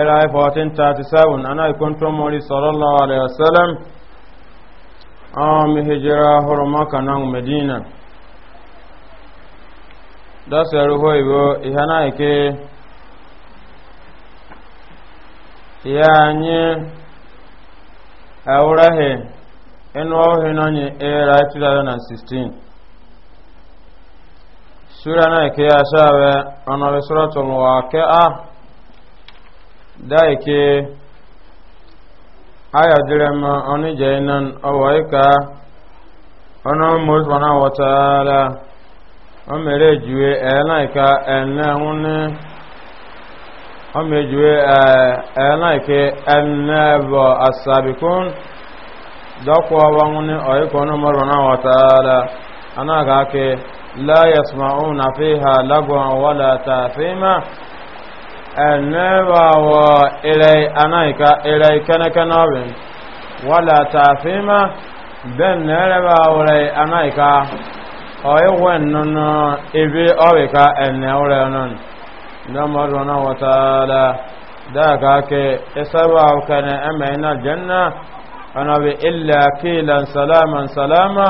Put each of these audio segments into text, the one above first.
era 1437 ana ikonto mori sallallahu alaihi wasallam am hijira horoma kanan medina da saru hoyo ihana ike ya anyi awrahe enu ohe nanye era 2016 sura na eke ya sabe ona suratul waqi'a daike aya direma oni jainan awaika ono musbana wa o mere juwe elaika enne hunne o mere juwe elaike enne bo asabikun dakwa wa hunne ono musbana wa ana ga ke la yasma'una fiha lagwa wala ta'fima ẹ̀nẹ́wà wọ ilẹ̀ anáìka ilẹ̀ kẹ́nẹ́kẹ́nọ́rin wọ́lá tààfíìmá bẹ́ẹ̀ nẹ́rẹ́wà wọlẹ̀ anáìka ọ̀ẹ́wẹ̀ nínú ibi ọ̀rìka ẹ̀nẹ́wọ̀rẹ̀ náà lọ́mọdún náà wọ́tàlá dáàkà kẹ ẹsẹ́wà kẹ́nẹ́ ẹ̀mẹ́ iná jẹ́nà ọ̀nàbí ilẹ̀ kílan salama salama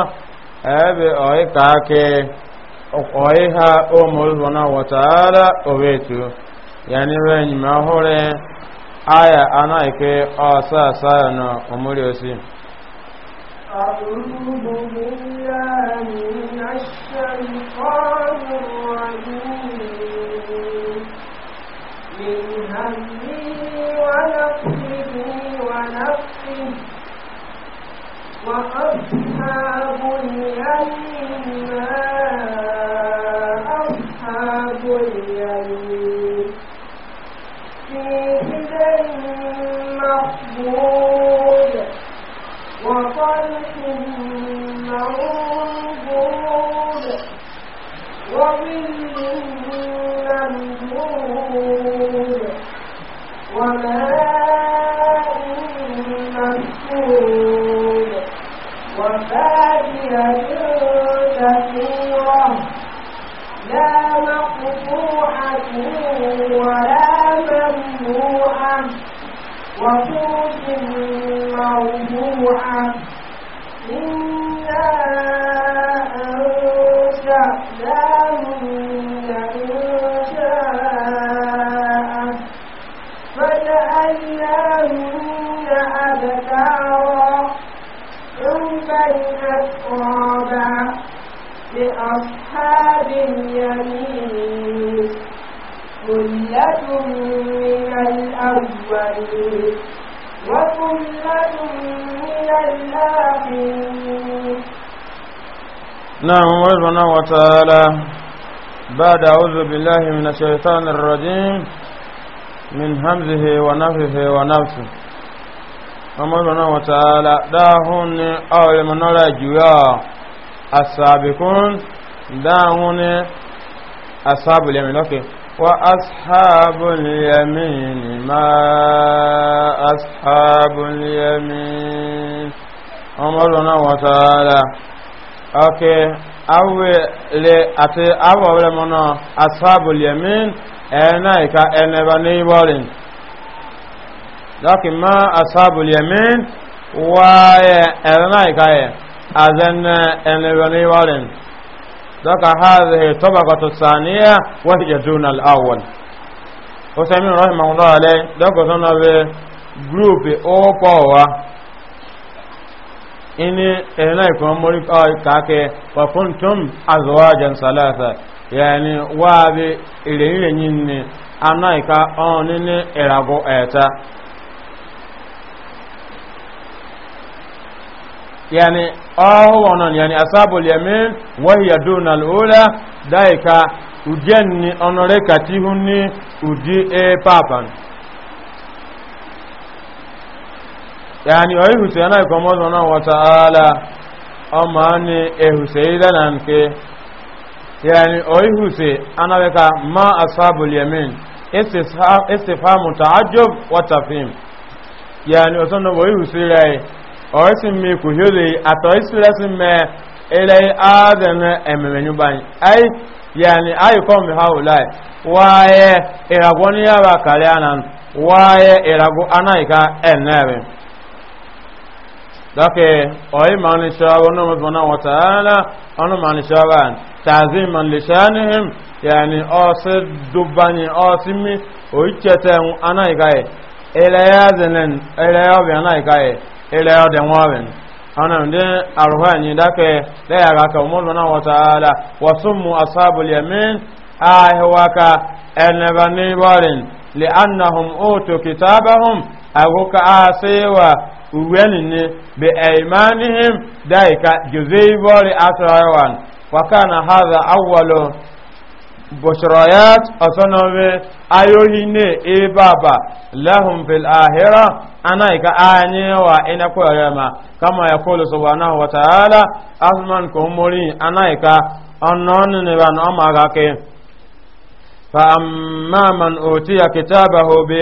ẹ̀ẹ́bí ọ̀ẹ́kà kẹ ọ̀ẹ́ha yani wani mahore aya ana ike ọsa na omori osi ya? تعالى بعد أعوذ بالله من الشيطان الرجيم من همزه ونفه ونفسه أمرنا وتعالى هون أول من رجوا السابقون هون أصحاب اليمين أوكي وأصحاب اليمين ما أصحاب اليمين أمرنا وتعالى أوكي أول le ati awa wale mono ashabul yamin ena ika ene ba ni bolin lakin ma ashabul yamin wa ena ika ye azan e, ene ba ni bolin daga hadhihi tabaqatu thaniya wa hiya duna al-awwal usaymin rahimahullah alayhi daga sona be group o power ini eh, ina ikon mori ah, kake fakuntum azwajan salasa yani wa bi ire-ire yin ni ana ika oni oh, ni irago eta yani ọhụ oh, ọnọn yani asabul yamin wahiya duna al'ula daika e yani o ihuse yana ikomo zona wa ta'ala amma ni ihuse e idana nke yani o ihuse anaweka ma ashabul yamin istifhamu ta'ajjub wa tafhim yani o sono o ihuse rai o isin mi ku hile ato isilesin me ilai e adana ememenyu bani ai yani ai kon bi haulai waye iragoni e yaba kare anan waye irago anaika enebe dake oyi mani shawa wannan mazmana wa ta'ala wannan mani shawa taziman lishanihim yani osi dubani osi mi oyichete ana igaye ya ilaya zinen ya obi ana igaye ilaya odin wabin ana ndi arhuwa ni dake daya ga ka mazmana wa ta'ala wasu mu ashabul yamin ahiwaka enebani barin li'annahum utu kitabahum agoka asewa uwenini bi aimanihim daika juzeibori asrawan wakana hadha awwalu bushrayat asonobe ayohine e baba lahum fil ahira anaika anyewa ina kwarema kama yaqulu subhanahu wa ta'ala ahman kumuri anaika onnon ne ban omagake fa amma man utiya kitabahu bi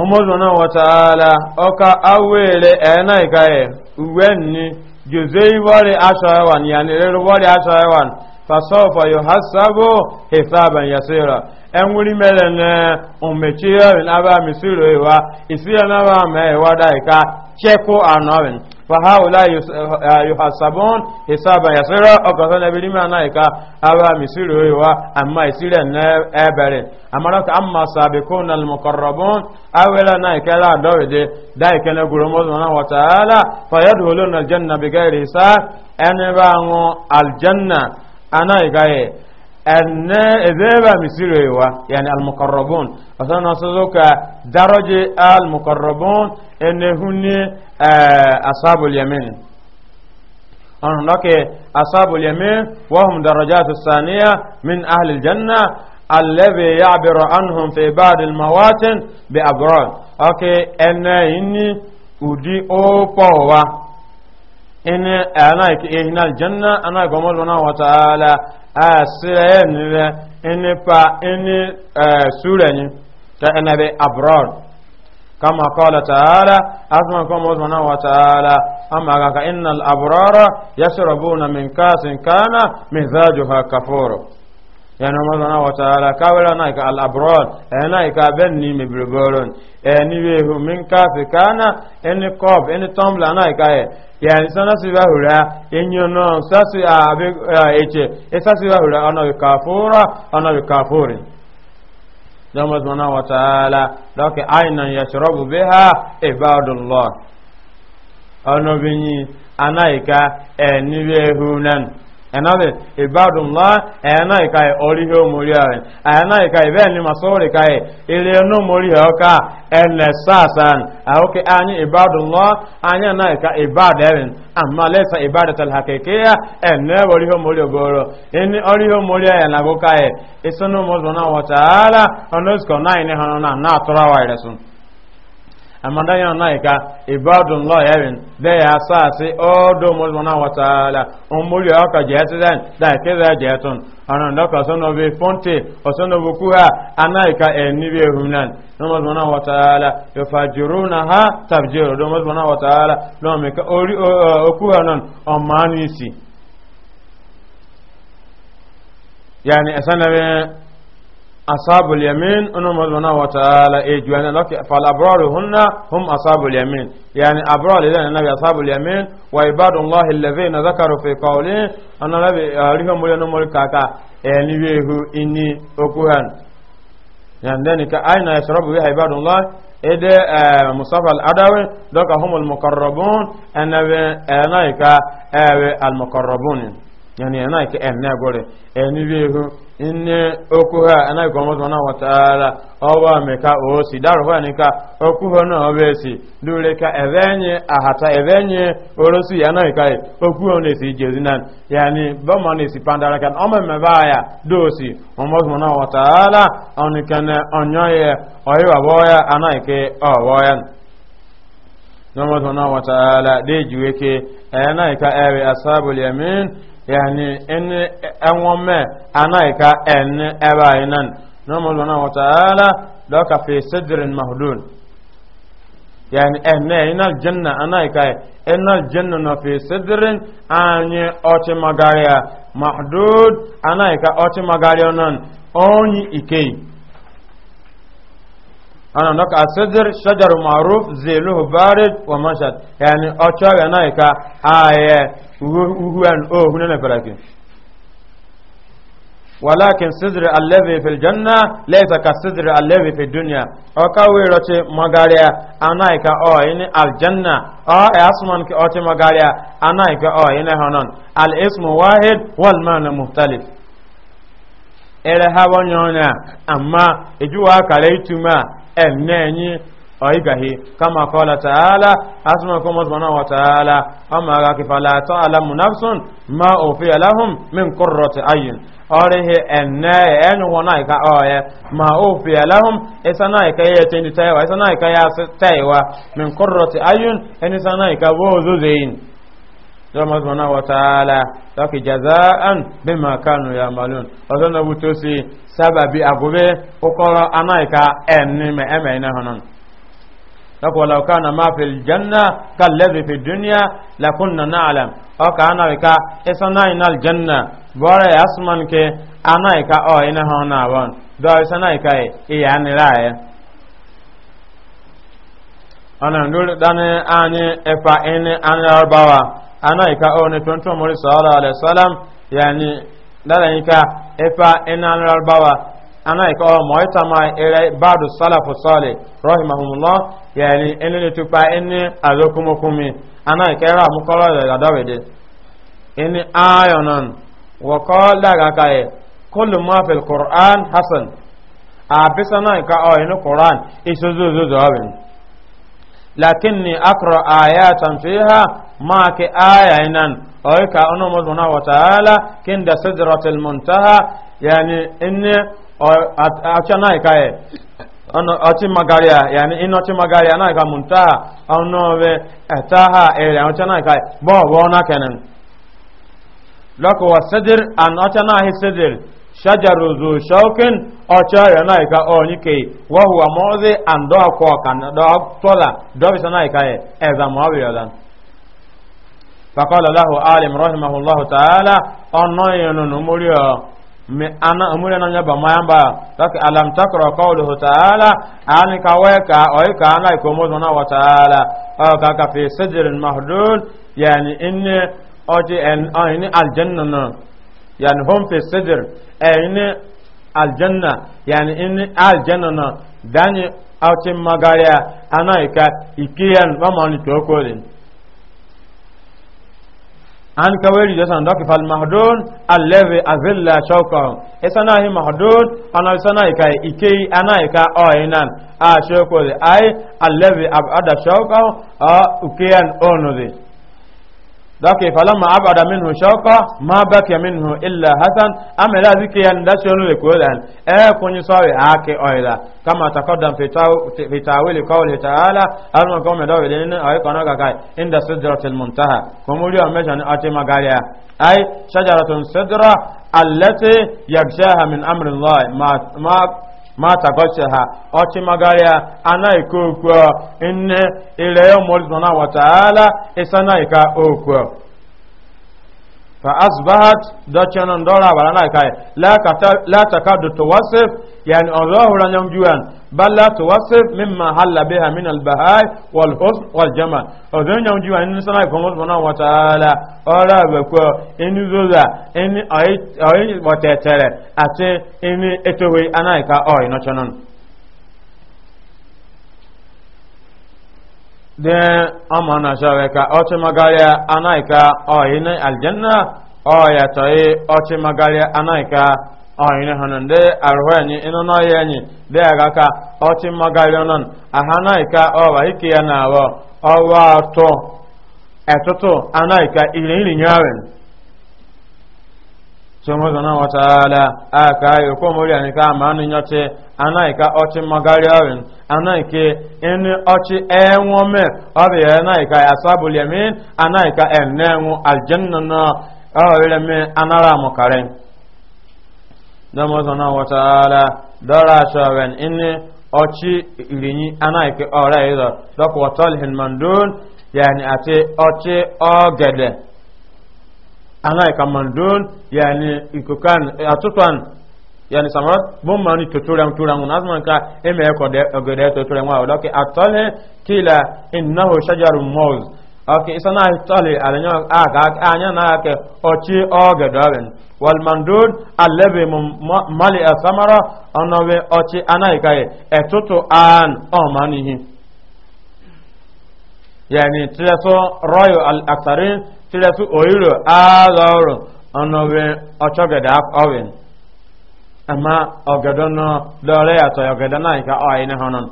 ọmọdúnà wọ̀tàálà ọka awèrè ẹ̀ẹ́nà ìkáyẹ̀ uwe nni jose iwọ́rẹ̀ aṣọ ẹwàn yànìrẹ̀rẹ̀ wọ́rẹ̀ aṣọ ẹwàn fasọ́fà yóò hasago hesaban yasira ẹnwúrí mẹ́rẹ̀ ní ịwa, isi ya na mẹ́ فهؤلاء يحسبون حسابا يسيرا وقال النبي لما نايكا أبا مسيره هو أما يسير أبرين أما لك أما سابقون المقربون أولا نايكا لا دويد دايكا نقول مزمنا وتعالى فيدخلون الجنة بغير حساب أنبا الجنة أنا يقايه أن ذهب مسيره يعني المقربون فصلنا صدوك درجة المقربون إن هن آه، أصحاب اليمين هناك أصحاب اليمين وهم درجات الثانية من أهل الجنة الذي يعبر عنهم في بعض المواطن بأبراد أوكي إن إني أودي أوبوا in eh, ana ihina eh, aljanna ana gomol wana wa ta'ala asira eh, ni in pa in sura ni ta anabi abroad kama qala ta'ala asma kama wana wa ta'ala amma ka innal abrara yashrabuna min kasin kana mizajuha kafuru yana mazana wata ala kawela na ka al'abron ena eh, ka ben ni me birgoron eni eh, we hu min kafi kana eni kob eni tombla na ka e ya ni sana si ba hura enyo no sasi a ah, be ah, eche esasi ba hura ona ka fura ona ka furi dan mazana wata ala doke aina yashrabu biha ibadullah ono binyi anaika eni eh, we hu nan ẹnabẹ ìbádùn lá ẹ̀ẹ́nà ìka ẹ̀ oríhe omori ẹ̀ ẹ̀ẹ́nà ìka ẹ̀ bẹ́ẹ̀ ni masọ́wọ́ ìka ẹ̀ ilé ẹnu omori ẹ̀ ọ̀ka ẹ̀lẹ̀ sàásàn àwòkè anyi ìbádùn lá anyi ẹ̀nà ìka ìbádùn ẹ̀rìn àmà lẹ́sà ìbádùn tẹ̀lẹ̀ àkẹ́kẹ́ yà ẹ̀nà oríhe omori ọ̀gọ́rọ̀ ẹni oríhe omori ẹ̀ làgókà ẹ̀ ìsúnú mọ́tò náà wọ̀ amanda yana na ika ibadun lo yawin da ya sa si odo mulmuna wa taala umuri aka jeti den da ke da jetun anan da ka sono be fonte o sono bu kuha anaika eni be humnan no mulmuna wa taala yafajiruna ha tabjiru do mulmuna wa taala do me ka ori okuha non o manisi yani asanabe أصاب اليمين أن مدنا وتعالى إجوانا إيه لك فالأبرار هن هم أصاب اليمين يعني أبرار إذن النبي أصاب اليمين وإباد الله الذين ذكروا في قولين أن النبي رهم لنا ملكاكا يعني إيه بيهو إني أكوهن يعني ذلك أين يشرب بها عباد الله إذا آه، مصطفى الأدوي ذلك هم المقربون أنا آه، آه، المقربون يعني أنا كأنا قولي يعني بيهو nne inne a anayi kwa mwazi wana wataala owa meka osi daru huwa nika okuha na esi dule ka evenye ahata ebe evenye orosi anayi kai okuha nesi jezinan yani bama nesi pandara kan ome mebaya dosi mwazi wana wataala ya onyoye oyewa boya ya ke owoyan Nomad wana wataala dejuweke anayi ka ewe ashabul yamin yani in enwon me anaika en eba inan nomo lona wa ta'ala laka fi sidrin mahdud yani enne ina janna anaika ina janna na fi sidrin anyi oti magaria mahdud anaika oti magaria nan onyi ikei ana naka asidir shajar maruf ziluhu barid wa mashad yani ocho anaika aye uhuwan oh, walakin sidri allazi fil janna laysa ka sidri allazi fid dunya o ka we roche anai ka o ini al o e asman ki o te anai ka o ini hanan al ismu wahid wal ma'na muhtalif ere ha wonyona amma ejuwa kare ituma enne enyi ọ̀hígàhí kama kọ́lá tààlá asùnmọ̀kọ́ mọ́sùmọ́nà wà tààlá ọmọ ara kìfàlà tààlá munafsun ma òfin aláhùn min kọ́rọ̀ ti ayin ọ̀rìhì ẹ̀nẹ́ ẹ̀yìnwọ̀n náà ìka ọ̀yẹ ma òfin aláhùn ìsaná ìka yẹ tẹ́ni tẹ́wà ìsaná ìka yẹ tẹ́wà min kọ́rọ̀ ti ayin ẹni saná ìka bóòzó zẹ́yìn lọ́mọ sọ̀nà wọ̀tàálà lọ́kì jazaan bí ma kánù ya malun ọ̀sán náà wútó sí sábàbí àgúbẹ́ kókọ́rọ́ anáìka ẹ̀ní mẹ́ẹ̀mẹ́ iná hànáà lako walau kana ma fil janna kalladhi fi dunya lakunna na'lam o ka ana ka isana inal janna bore asman ke ana ka o ina hona won do isana ka e ya ni rae ana ndul dane ani efa ene an arbawa ana ka o ne tonto mori sallallahu alaihi wasallam yani dala ka efa ene an ana ika o moy tama ere badu salafu salih rahimahumullah yani enene tupa enne azokumukumi ana ika era mukolo da dawede ene ayonan wa qala gakaye kullu ma fil qur'an hasan a bisana ika o ene qur'an isuzuzu zawin lakinni akra ayatan fiha ma ke ayainan oika ono mo wa ta'ala kinda sidratil muntaha yani inne acha na ka e oh, ọchịmagarịa oh, ati magaria yani ino na ka munta ono oh, we ataha eh, ele eh, acha na ka bo bo na kenen lako wasadir an acha na hi sadir shajaru zu shaukin ọcha ya na ka oni ke wa huwa an do ko kan do tola do na ka e eh, eza mo bi yodan فقال له عالم رحمه الله تعالى أنه ينمر mi ana umure na nyaba mayamba taki alam takra qawluhu ta'ala an ka weka oy ka ana ikomo na wa ta'ala o ka ka fi sajrin mahdud yani in oti en ayni aljanna na yani hum fi sajr ayni e, aljanna yani in aljanna na dani autin magariya ana ika ikiyan ma ni tokolin an kawai da san doki fal mahdun allazi azilla shawqan isana hi mahdun ana isana ka ike ana ka oinan a shawqo ai allazi abada shawqan a ukiyan onuzi dɔk falama abada minhu shauka ma bakiya minhu illa hasan amela zike yan da shonu le ko dan e kunyi sawi ake oila kama taqaddam fi fi tawil qawli ta'ala alma qawmi dawil in ay mata gọcha ha ọchịmagharị ya anaghị ka okwu nne ire ya ụmụ ọzọ na wataala ịsa na ka okwu fa asbahat dɔcɛnɔ dɔra wala n'a ka ye la ka taa la ta ka don towasif yanni ɔzɔhura ɲam juyan bal la towasif min ma hala bɛ ha min albahai wal hus wal jama ɔzɔn ɲam juyan ni sanayi kɔngɔ sɔnna wa taala ini zoza ini ɔyi ati ini etowe ana ka ɔyi nɔcɛnɔ. den ama na shawe ka oche magaria anaika oyine aljanna oya toye oche magaria anaika oyine hanan de arhoyani ino no yani de aga ka oche magaria non ahanaika owa hiki na wo owa to etoto anaika somo zana ala aka yo ko mori ani ka manu nyote anai ka ochi magari awin anai ka asabul yamin anai ka enenwo aljanna na awele me anara mo karen somo zana wataala dara shawen inni ochi irinyi anai ke ana e ka mandon yani ikokan e atutan yani samara bon mani tuturan turan un azman ka eme e ko de ogede tuturan wa loke atale kila innahu shajarun mawz ake isana atale alanya aka anya na ke ochi ogedawen wal mandon alabe mali asamara onawe ochi anaika etutu an o yani tilaso royo al aktarin sirasi oyiro agha ọrụ ọnọwe ọchọgede ọwin ama ọgede nọ lọrọ ya tọ na náà ika ọyị ne họnọn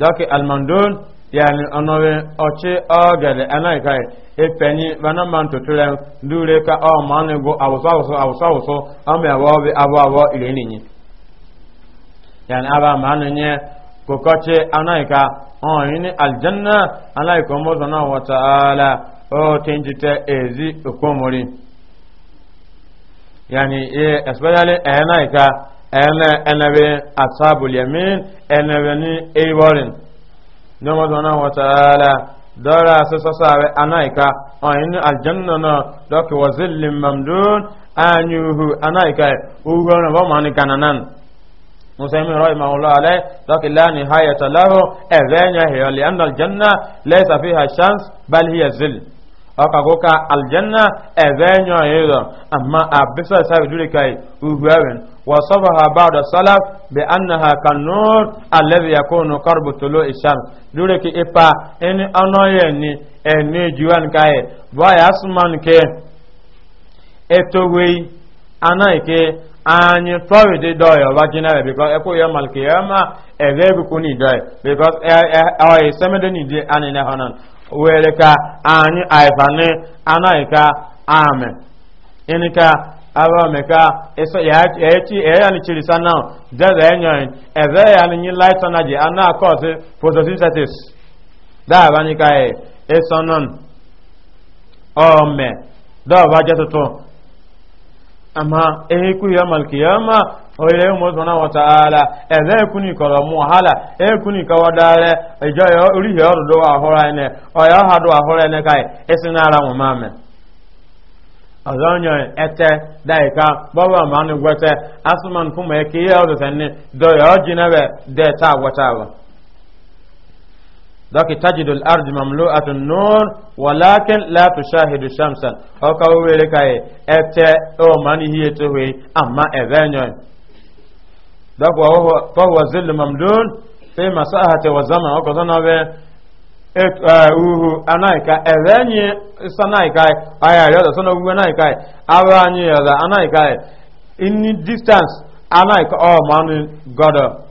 dọkị almandon yani ọnọwe ọchị ọgede anaghị ka epenyi vanaman tuture dure ka ọ ma ọnụ gụ aba ka ọ̀rin ní aljanna aláìkọmọ́sánà wàtàálà ó tí ń jítẹ́ èzí òkúmọ̀rí yani especially ẹ̀ẹ́nà ìka ẹ̀ẹ́nà ẹ̀nẹ̀wẹ̀ àtàbùlẹ̀mí ẹ̀nẹ̀wẹ̀ ní avorin lọ́mọ́sánà wàtàálà dọ́ra sọ́sọ́sọ́rẹ̀ anáìka ọ̀rin ní aljanna náà lọ́kẹ̀wọ̀ zillin mamdun anyuhu anáìka uhu ọ̀rọ̀ bọ́mọ̀ ní kananan مسلم رحمه الله عليه لكن لا نهاية له أذان هي لأن الجنة ليس فيها شمس بل هي ظل أكاكوكا الجنة أذان أيضا أما أبسا سابدولك أهوين وصفها بعض السلف بأنها كالنور الذي يكون قرب طلوع الشمس دولك إبا إن أنا يني إني جوان كاي ويسمان كي إتوي أنا كي anyị tọrọ dị dọọ ya ọba a bikọs ekwu ya malki ya ma ebe ebukwu ni dọọ bikọs ọ isemede ni di anyị na họnan were ka anyi aifani anaghị ka ame ịnị ka aba ome ka ịsọ ya echi ya ni chiri sana dẹrẹ enyoyin ebe ya ni nyi light energy ana akọsi photosynthesis dáàbá ni ka ẹ ịsọ nọn ọmẹ dọọ ọba jẹ amma eku ya malkiyama oyire mu na wa ta'ala ebe kuni kọrọ mu hala e kuni kawadare ejo yo ori yo ahụrụ wa hora ene oya ha do wa hora ene kai esina ara ete daika baba ma ni gwete asuman kuma e kiye o do do ọjị donc tajidu al-ard mamlu'atu an-nur walakin la tushahidu shamsan o ka wele kai ete o mani hiye to we amma evenyo donc wa huwa fa huwa zillu mamdun fi masahati wa zaman o ko zona be et eh, uhu anaika evenye sanaika aya yo da sono uwe anaika awa anyi yo da anaika in distance anaika o oh, mani godo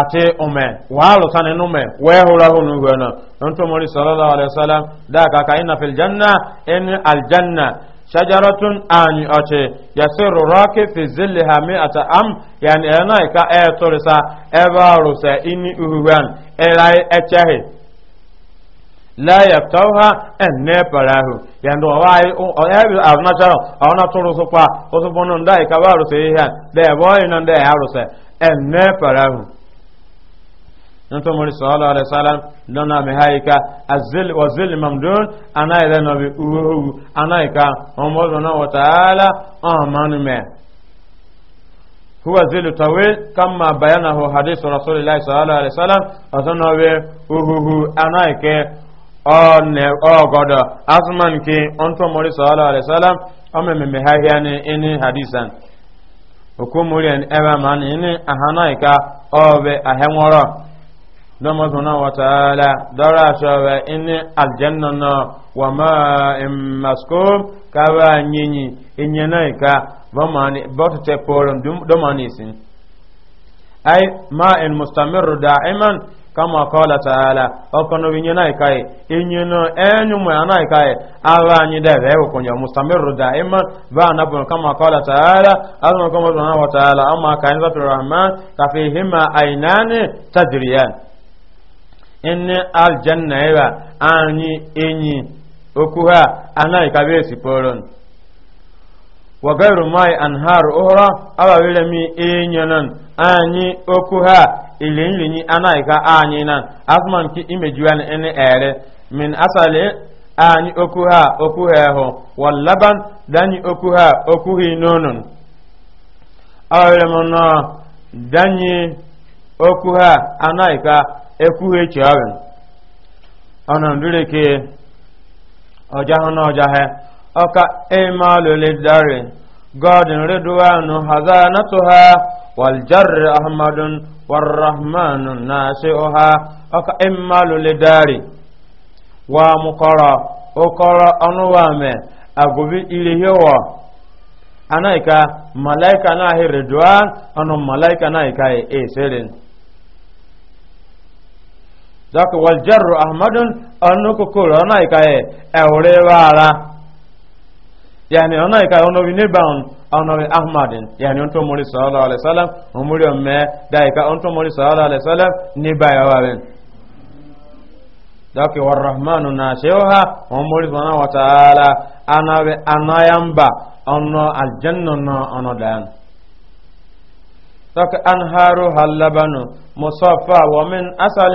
ate ume walo tane nume wehula hunu gwana ntu muri sallallahu alaihi wasallam da ka ka inna fil janna in al janna shajaratun ani ate yasiru raki fi zilliha mi'ata am yani ana ka e torisa e barusa ini uhuwan e lai echehe la yaftauha en ne parahu yando wai o ebi avna charo ona toro so pa o so bonon dai ka barusa ihan de boy non de arusa en ne parahu nto mori sallallahu alaihi wasallam lona me haika azil wa zil mamdun ana ila no uhu ana ika omo wa taala amanu me huwa zilu tawil kama bayanahu hadith rasulillahi sallallahu alaihi wasallam azana we uhu ana ike ọ̀nẹ̀ ọ̀gọ̀dọ̀ asman ki ọ̀ntọ́ mọ̀rí sọ́ọ́lọ́ alẹ́sọ́lá ọmọ mẹ́mẹ́ hahia ní ẹni hadisan hukumuri ẹni ẹbá ma ahana dɔmɔ sɔnna wa taala dɔra sɔbɛ i ni alijanna nɔ wa ma masko ka b'a ɲɛɲi i ɲɛna yi ka bamaani bɔtɔ tɛ pɔɔrɔ dɔmaani sin ayi ma in mustamiru daa'iman kama kɔla taala o kɔnɔ bi ɲɛna yi ka ye i ɲɛna ɛɛ ɲumanyana yi ka ye a b'a ɲɛ dɛ bɛ o kama kɔla taala alima kɔmɔ sɔnna wa taala an inni aljanna yawa anyi enyi okuha ana ikabe siporon wa gairu mai anharu ụhụrụ aba wele mi enyanan anyi okuha ilinlinyi ana ka anyị nan asman ki imejuan ene ere min asali anyi oku ha ho wallaban dani okuha okuhi oku aba wele mo no oku ha ana ekwughị chiọrịn ọnọdụreke ọjahụ na ọjahụ ọka emalụle dari gọdịn ridwanu hazanatuha waljarri ahmadun asị ụha ọka emalụle dari wa mụkọrọ ụkọrọ ọnụwame agubi ilihiwa anaika malaika na ahịrịdwa ọnụ malaika na ika ذاك والجر أحمد أنك كل أنا إكاي أولي وارا يعني أنا إكاي أنا بنبان أنا أحمد يعني أنتم مولى صلى الله عليه وسلم ومولى ما دايكا أنتم مولى صلى الله عليه وسلم نبايا وابن ذاك والرحمن ناشيوها ومولى سبحانه وتعالى أنا أنا ينبا أنا الجنة أنا دان ذاك أنهارها اللبن مصفى ومن أصل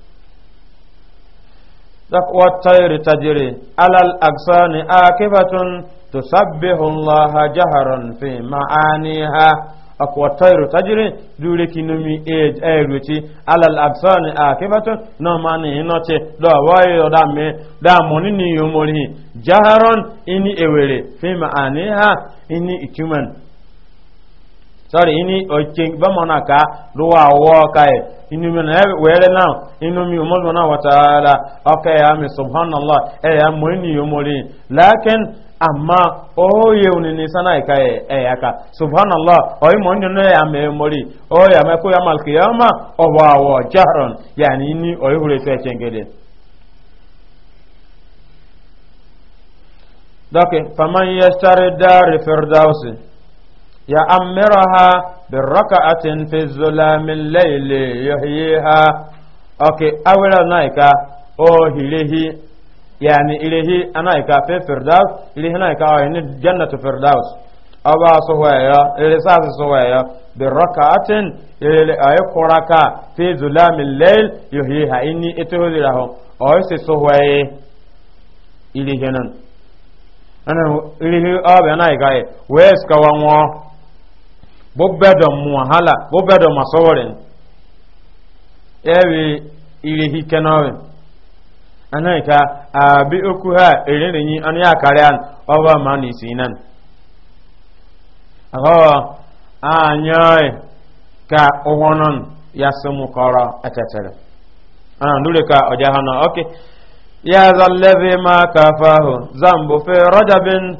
والطير تجري على الأغصان آكفة تسبح الله جهرا في معانيها أقوى الطير تجري دولك نمي إيج إيروتي على الأغصان آكفة نماني نوتي دا وايو دا مي دا مونيني جهرا إني إيولي في معانيها إني إتمن sọrọ ini oke bamana ka ruwa awọ ka ye inu eh, mi na wẹrẹ náà inu mi ọmọdé náà ya mi e, e, subhanallah ẹ mọ ẹni mọrin lakin amma oye oni sana ika ye subhanallah oye mọ ẹni ya mẹ mori oye ya mẹ ya malki ya ma يأمرها بركعة في الظلام الليل يحييها أوكي أولا نايكا أو هليه يعني إليه أنايكا في فردوس إليه نايكا أو جنة فردوس أبا سوية إلساس سوية بركعة إلي أيقركا في ظلام الليل يحييها إني إتهذي لهم أو سوية إليه نن أنا إليه أبا نايكا ويسكا وموه bo bedo mu wahala bo bedo masoworen ewe ile hike nawe anaika abi oku ha eririnyi anu ya kare an oba ma ni sinan aho anyoy ka ohonon ya sumu kora etetere ana ndure ka oja hana okay ya zal ladhi ma kafahu zambu fi rajabin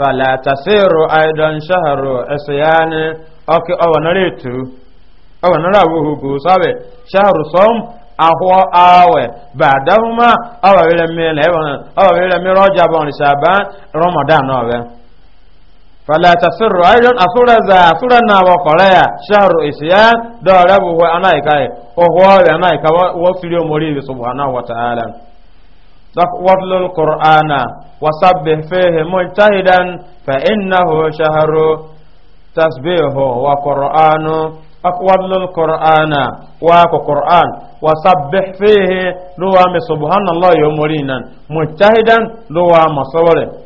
fala tasiru aidan shaharu isyan oke awanaretu awanara wuhu go sabe shaharu som ahwa awe badahuma awawele mele ewana awawele mi roja bon shaban ramadan awe fala tasiru aidan asura za asura na wa korea shaharu isyan do rabu wa anaikai ohwa anaikai wa filio mori subhanahu wa ta'ala واتل القرآن وسبح فيه مجتهدا فإنه شهر تسبيح وقرآن واتل القرآن واكو قرآن وسبح فيه لوام سبحان الله يومرينا مجتهدا لوام صوره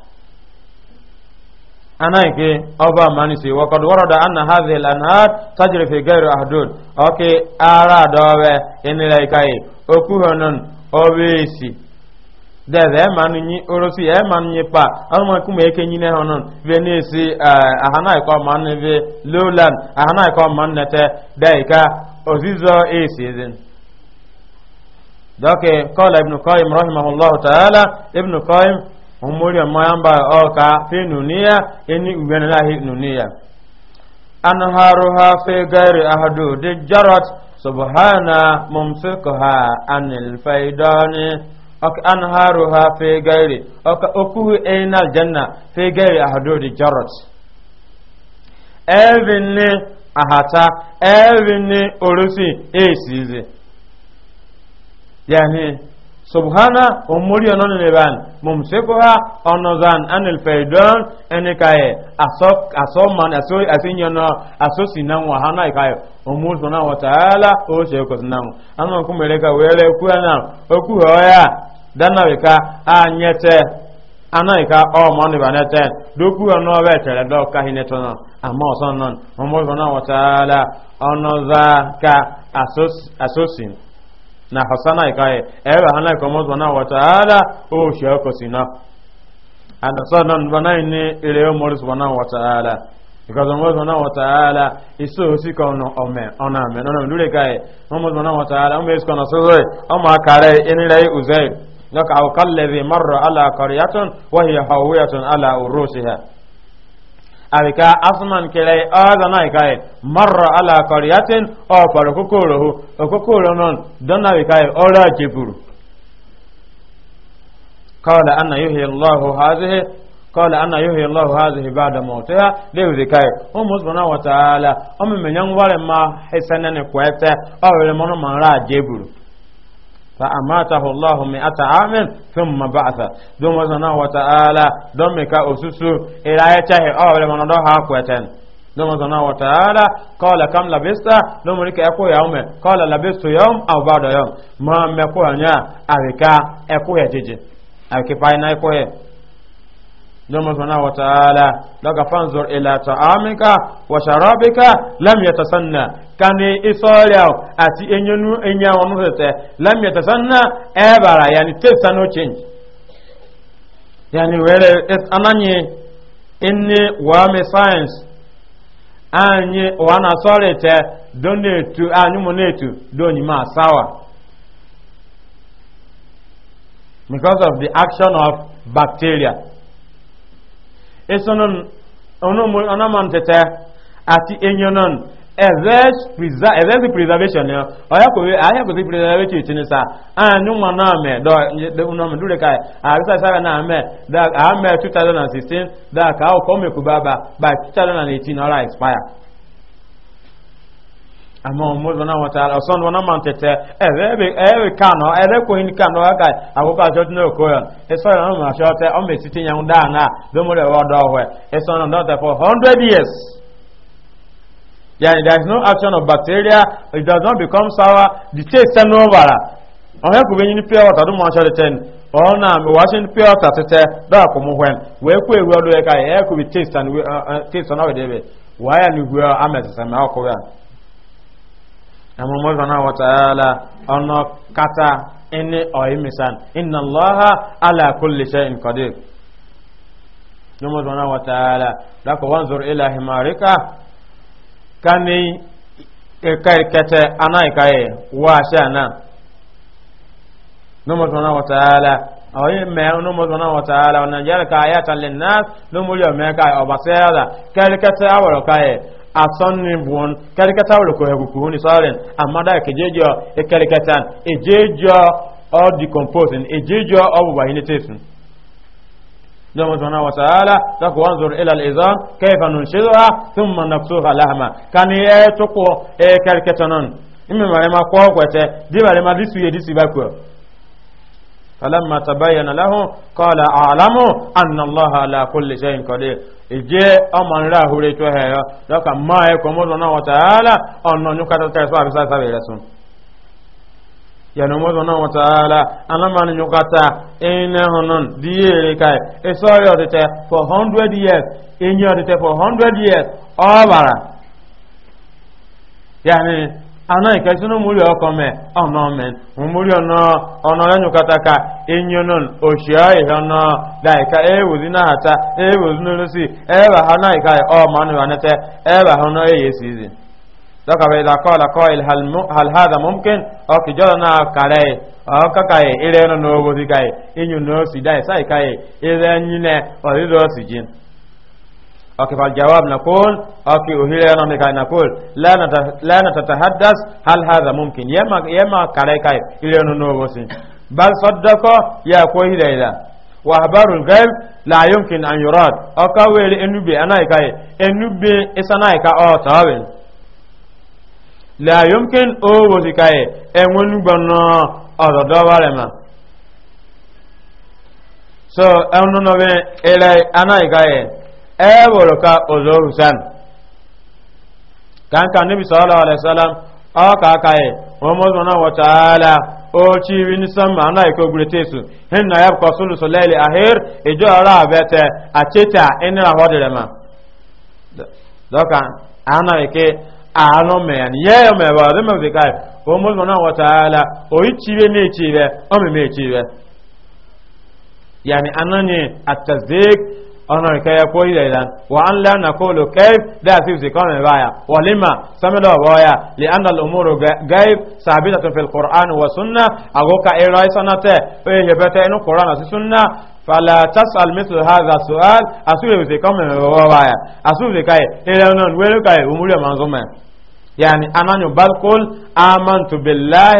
anaike ọba manisi wakọdụ warọda anna hazi lanad tajiri fi gairu ahdud oke ara adọwe enila ikai oku honon owe esi dẹ̀dẹ̀ orosi ẹ̀ máa ń pa ọdún máa kú mọ̀ eke yin ẹ̀hún náà venesi eh, ahana ikọ̀ máa ń ve lowland ahana ikọ̀ máa ń nẹ̀tẹ̀ dẹ̀ ìka òzizọ èsì ẹ̀dẹ̀. dọ́kì kọ́lá ibùnú kọ́yìm ta'ala ibùnú kọ́yìm umuri mayamba oka fi nuniya eni ubenlahi nuniya anharuha fi gairi ahadu di jarat subhana mumsikuha anil faidani ok anharuha fi gairi ok okuhu eina aljanna fi gairi ahadu di jarat evinni ahata evinni orusi esizi yani subhana umuri onon leban mumsikuha onozan anil faidon ene kaye asok asoman aso asinyono aso sinan wa hana ikaye umur subhana wa taala o se ko sinan amma ku mereka wele ku ana oku hoya dana wika anyete ana ika o mo ni banete doku ono be tere do kahine tono amma oson non umur subhana wa taala onoza ka asos asosin na hasana ikaye ewe hana ikomo zwana wa ta'ala o shako sina ana sana banai ni ile yo mori zwana wa ta'ala wataala mo zwana na ta'ala iso si ono ome ona me ona lure kai e, mo zwana wa ta'ala o me isko na sozo e, o ma kare e, ini rai uzai marra ala qaryatun wa hawiyatun ala urusiha abika asman kere aga na kai e, marra ala qaryatin o par kokoro ho kokoro non don abika e, ora jeburu qala anna yuhyi allah hadhihi qala anna yuhyi allah hadhihi ba'da mautiha lewi kai o e, musbana wa ta'ala o memenyan ware ma hisanan kwete o wele mono man ra jeburu فأماته الله مئة عام ثم بعث دوما سنا وتعالى دومك أسسو إلى يتهي أول من نوها كوتن دوما سنا وتعالى قال كم لبست دوما لك أكو يوم قال لبست يوم أو بعد يوم ما مكو أنيا أريكا أكو يتجي أريكا باينا أكو يتجي نعم سبحانه وتعالى لك فانظر إلى طعامك وشرابك لم يتسنى كان إصالة أتي إنيو إنيا ونفسة لم يتسنى أبرا يعني تسنو change يعني ويلي أناني إني وامي ساينس أني وانا صالة دوني تو أني منيتو دوني ما سوا because of the action of bacteria esonon onomori onaman tete ati enyonon ẹ̀rẹ́sì preservation ni ọ̀yọ́kùnrin ayẹ́kùnrin preservation ti ní sa ààyùnmọ̀ náà mẹ́ dọ̀ọ̀nàmì lórí ká na sára náà mẹ́ àmẹ́ 2016 dáa ka o mẹ́kù bá bá by 2018 ọ̀rá expire amma umar zana wata ala son wana man tete ebe ebe kano ebe ko hin kano aka akoka jot no ko yan e na ma sho te o me titi yan da na do mo le wa do ho e so na do te for hundred years yani there is no action of bacteria it does not become sour the taste turn over o he ko benyin pure water do mo sho le ten o na me pure water tete da ko mo hwen we ko ewu taste na we dey be why and we uh, uh, amurmur sana wa ta'ala ono kata inni oyimisan inna allaha ala kulli shay'in qadir yumur sana wa ta'ala dako wanzur ila himarika kani kete anai kaye wa shana numur sana wa ta'ala oyi mɛ numu sɔnna wa taala wa najara ka ayatan lin nas numu yɔ kɛrikɛtɛ awɔrɔ ka ye asɔnni buwon kɛrɛkɛta wòle ko hɛguku ni amada kejejɔ ekɛrɛkɛta ejejɔ all decomposing ejejɔ all bubahinitesun lọ́wọ́ sọ́nà wàsàálà tọ́kù wọ́n zọrọ̀ ilẹ̀ ìzọ́n kẹfà nù ṣíwá tún mọ̀ nà tó hà láhàmà ká ní ẹ tó kọ ẹ kẹrìkẹtọ̀ náà ma kọ́ ọ̀pẹ̀tẹ̀ bí ma dísù yẹ dísù ba فلما تبين له قال أعلم أن الله على كل شيء قدير ìjẹ́ ọmọ nrá ahúrẹ́ ètò ẹ̀yọ́ lọ́kà máa ẹkọ̀ mọ́dún náà wọ̀tàálà ọ̀nà oníkàtà tẹ́sọ́ àbísáàbẹ̀ rẹ̀ sùn yẹnu mọ́dún náà wọ̀tàálà alámàní oníkàtà ẹ̀yìnlẹ́hùnún díẹ̀ rẹ̀ káì ìsọ́rí ọ̀tẹ̀tẹ̀ for hundred years ẹ̀yìn ọ̀tẹ̀tẹ̀ for hundred years ọ̀bàrà yàní ana nke sinu muri ọkọ mẹ ọnà mẹ muri ọnà ọnà ọyọ nyukata ka enyonon oṣia ihe ọnà daika ewuzi na ata ewuzi na olosi ẹwà e ha na ika e, ọ ma ọnà ìwà nẹtẹ ẹwà ha e na ẹyẹ esi izi dọkà bẹ ìdá kọọlà kọọl halhada mumkin ọkì jọdọ na kàrẹ ọkà kàyẹ ilẹ ẹnu na owó sí kàyẹ enyonon osi daisa kàyẹ ilẹ ẹnyin nẹ ọdídọ ọsì jin. أوكي فالجواب نقول أوكي أهيل أنا مكاي نقول لا لا نتحدث هل هذا ممكن يما يما كاري كاي إلى نوبوسين بل صدق يا كوي ليلا وأخبار الغيب لا يمكن أن يراد أكوي إنوبي أنا كاي إنوبي إسانا كا أو تاوين لا يمكن أو وزكاي إنوبي بنا أو دوالما so ẹnu nọ bẹ ẹ lẹ anáyíká yẹ eworo ka ozo husan nabi sallallahu alaihi wasallam aka kai umar subhanahu wa o chi win sama na iko guretesu na yab sulaili ahir ara hodere ma doka ana ike ano me an ye me ba de me kai umar subhanahu wa ta'ala o o me me yani at ọ̀nà ìkẹ́ ẹ̀kọ́ kó ilẹ̀ ìlànà wọ́n lẹ́ na kó lò kẹ́f dáàsí ìsì kọ́ mẹ́bà yà wọ́n lè mà sọ́mẹ́lẹ̀ ọ̀bọ̀ ọ̀yà lè an dàlù múrò gẹ́f sàbí tàtún fẹ́ kùrán wọ súnà àgókà ẹ̀rọ ìsọ́nàtẹ̀ tẹ̀ ó yẹ yẹbẹ́tẹ́ inú kùrán àti súnà fàlà tásàl mẹ́tò hàzà sùhàl àsúwèé ìsì kọ́ mẹ́bà àsúwèé káyẹ̀ ẹ̀rẹ́ náà wẹ́rẹ́ káyẹ̀ òmúrẹ́ màá zọ́ mẹ́ يعني أنا بل قل آمنت بالله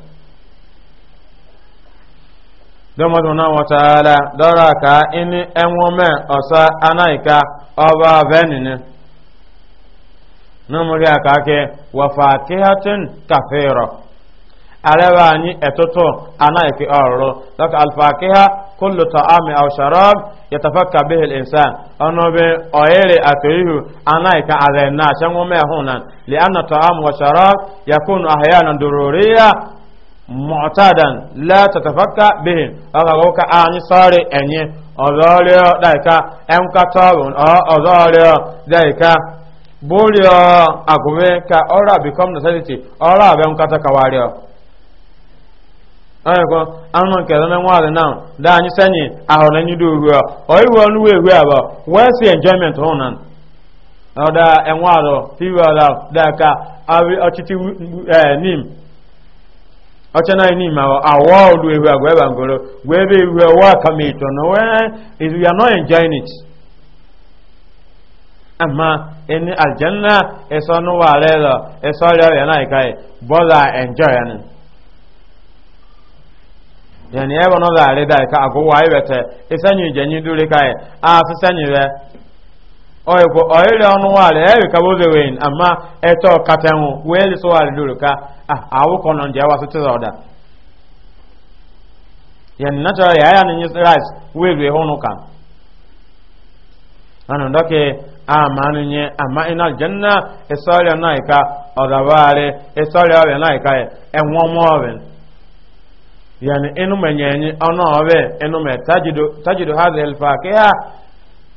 dɔmɔ sɔnna wɔtaala dɔra ka ini ɛŋɔmɛ ɔsa anayika ɔba vɛnini nomori a ka kɛ wafakihatin kafeerɔ ale b'a ni ɛtoto anayiki ɔrɔ dɔk alfakiha kullu ta'ami aw sharab yatafakka bihi al-insan ono be oyere atoyihu anayika azena shango me hunan li anna ta'am wa sharab yakunu ahyanan dururiya mu'tadan la tatafakka bihi aga go ka anyi sare enye ozore daika en ka tawon ozore daika bolio agube ka ora become necessity ora be en kata kawario ayo ko anu ke na nwaade na da anyi sanyi ahona nyi do ruo oiwo nu wehu aba wesi enjoyment honan oda enwaado fiwa la daka awi ochiti nim ọcha na ni ma awa ọdụ ewe agwa eba ngoro wee be ewe wa ka me ito na wee is we are not enjoying it amma in aljanna eso no wa lela eso ya ya na kai e, bola enjoy an yani eba no da e, re da ka agwa wa ibete isanyi jenyi dure kai a sanyi we oyiko oyiri ọnụ nwari ebi ka boze weyin amma eto katanwu weli so wari duru ka ah, awu kono nje wasu ti zoda yan natural ya ya ni rice wewe honu kan anu ndoke amanu nye amma ina janna e isori naika odabare isori e obe naika enwo mo obe yani inu menyenyi ono obe inu tajidu tajidu hadhihi alfaqiha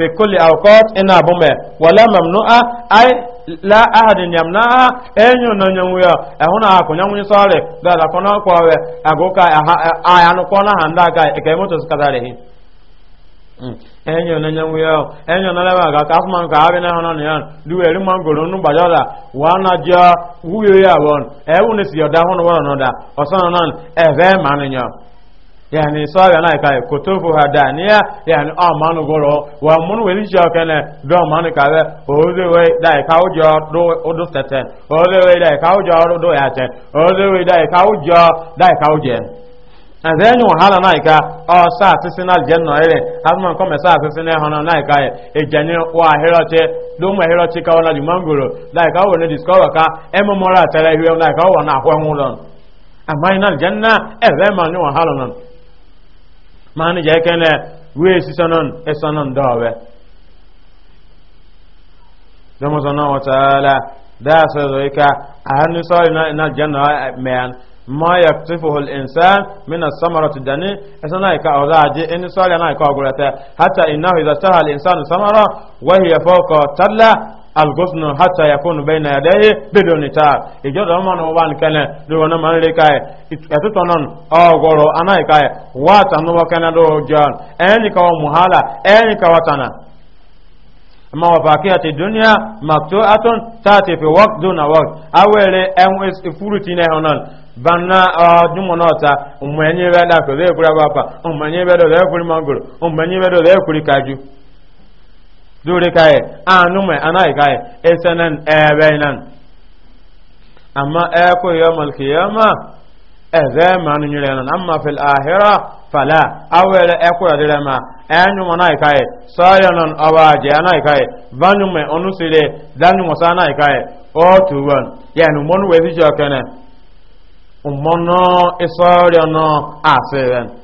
في كل أوقات إنا بما ولا ممنوعة أي لا أحد يمنعها أن ينوي هنا أكون يوم صالح ذا كنا قوي أقوك أيان كنا هندك كيمو تسكتاره ẹ̀yàn lẹ́yìn wíyọ́ ẹ̀yàn lẹ́wọ̀n àgbà káfíńmán káàbí ndị náà nìyàn lúwẹ̀ rí máa ń gòrò nínú gbàjọ́dà wọ́n yani sɔɔya e e n'a ye k'a ye kotofu ha da n'i ya yani ɔ manu gɔrɔ wa munnu wele jɔ kɛnɛ dɔw manu ka bɛ o de we da ye k'aw do o do tɛtɛ o de we da ye k'aw jɔ do y'a tɛ o de we da ye k'aw jɔ da ye k'aw jɛ a zɛ ɲɔgɔn n'a ye ka ɔ saa sisi na jɛ nɔ yɛrɛ asuma kɔmi saa sisi na hɔnɔ n'a ye k'a ye e jɛ wa hɛrɛ tɛ don ma hɛrɛ ti k'aw la juma golo da ye k'aw wele disikaw ka ɛ mɛ mɔra a tɛrɛ hiyɛ da n'a hɔn ŋun lɔn a ma ɲi na jɛ na ma ɲɔgɔn hali nɔ. maani jɛ kɛnɛ wee sisanon esanon dɔɔbɛ dɔmɔsɔnɔ wataala daa sɔrɔ i ka a hannu sɔɔri na na jɛn na mɛn ma ya tifuhul insan mina samara tu dani esa na ika ɔza aje eni sɔɔri na ika ɔgura tɛ hata inahu iza tahal insanu samara wahiya fɔkɔ talla algosno hatta yakunu baina yadayhi bidoni taab ijodo omana oban kene duwono manle kaye etutonon ogoro anai kaye wata nuwa kene do jan eni kawa muhala eni ka tana ma wa fakiyati dunya maktu'atun tati fi waqt duna waqt awele en furuti ne honan banna jumono ta ko kura baba kuri kuri kaju dore kaye anu mai ana kaye esanan ebainan amma eko eh, yawmal qiyama eze eh, manu nyiranan amma fil ahira fala awere eko yadire ma enyu eh, mana kaye sayanan awaje ana kaye banyu mai onusire danyu wasa ana kaye o tuwan yani mon wezi jokene umono isoriano aseren ah,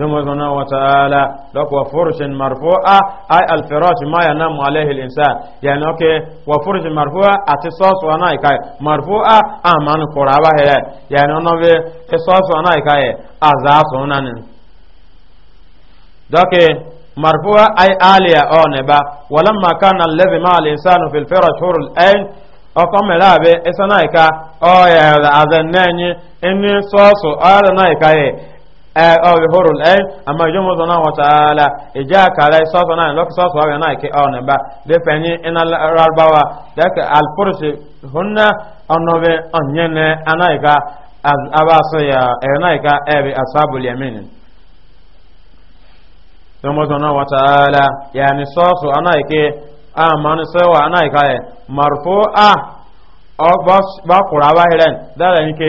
دوما سبحانه وتعالى لك وفرش مرفوعة أي الفراش ما ينام عليه الإنسان يعني أوكي وفرش مرفوعة أتصاص ونايك مرفوعة أمان قرابة هي يعني أنه تصاص ونايك أزاس ونان دوكي مرفوعة أي آلية أو نبا ولما كان الذي مع الإنسان في الفراش حور الأين ọkọ mere abe ịsa أو ọ ya إني ịnị sọọsụ ọ aw hurul ay amma jomo zona wa taala ija kala sasa na lok sasa wa na ke awna oh, ba de fenyi ina ralbawa dak al fursi hunna anove anyene anaika az abaso ya anaika ebi ashabul yamin jomo zona wa taala yani sasa anaike amani sewa anaika eh, marfu'a ba kura ba ahịrị dara nke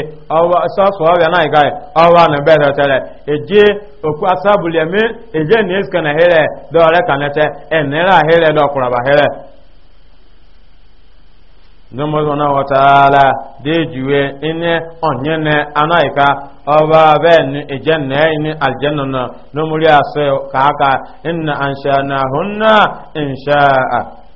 sasu ọbịa na igai ọwa na bẹrẹ tẹrẹ eje okwu asabuli emi eje na eska na here dọrẹ kanete enere a here dọ kura ba here nomozo na wataala dejuwe ine onyene anaika ọba bẹẹ ni eje na ni aljanna na nomuri ase ka aka inna anshana hunna a.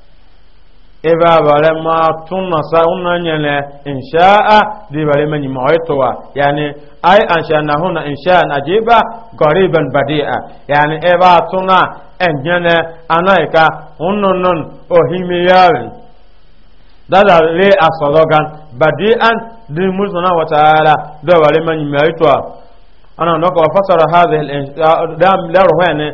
ebe abare ma tun nasa unan yana insha'a da bare mani mawaitowa yani ai an sha na huna insha'an ajiba gariban badi'a yani ebe atuna en yana anaika unnun ohimi yarin dada le asologan badi'an di mulkuna wa ta'ala da bare mani mawaitowa ana nokwa fasara hadhihi al-dam uh, la ruhani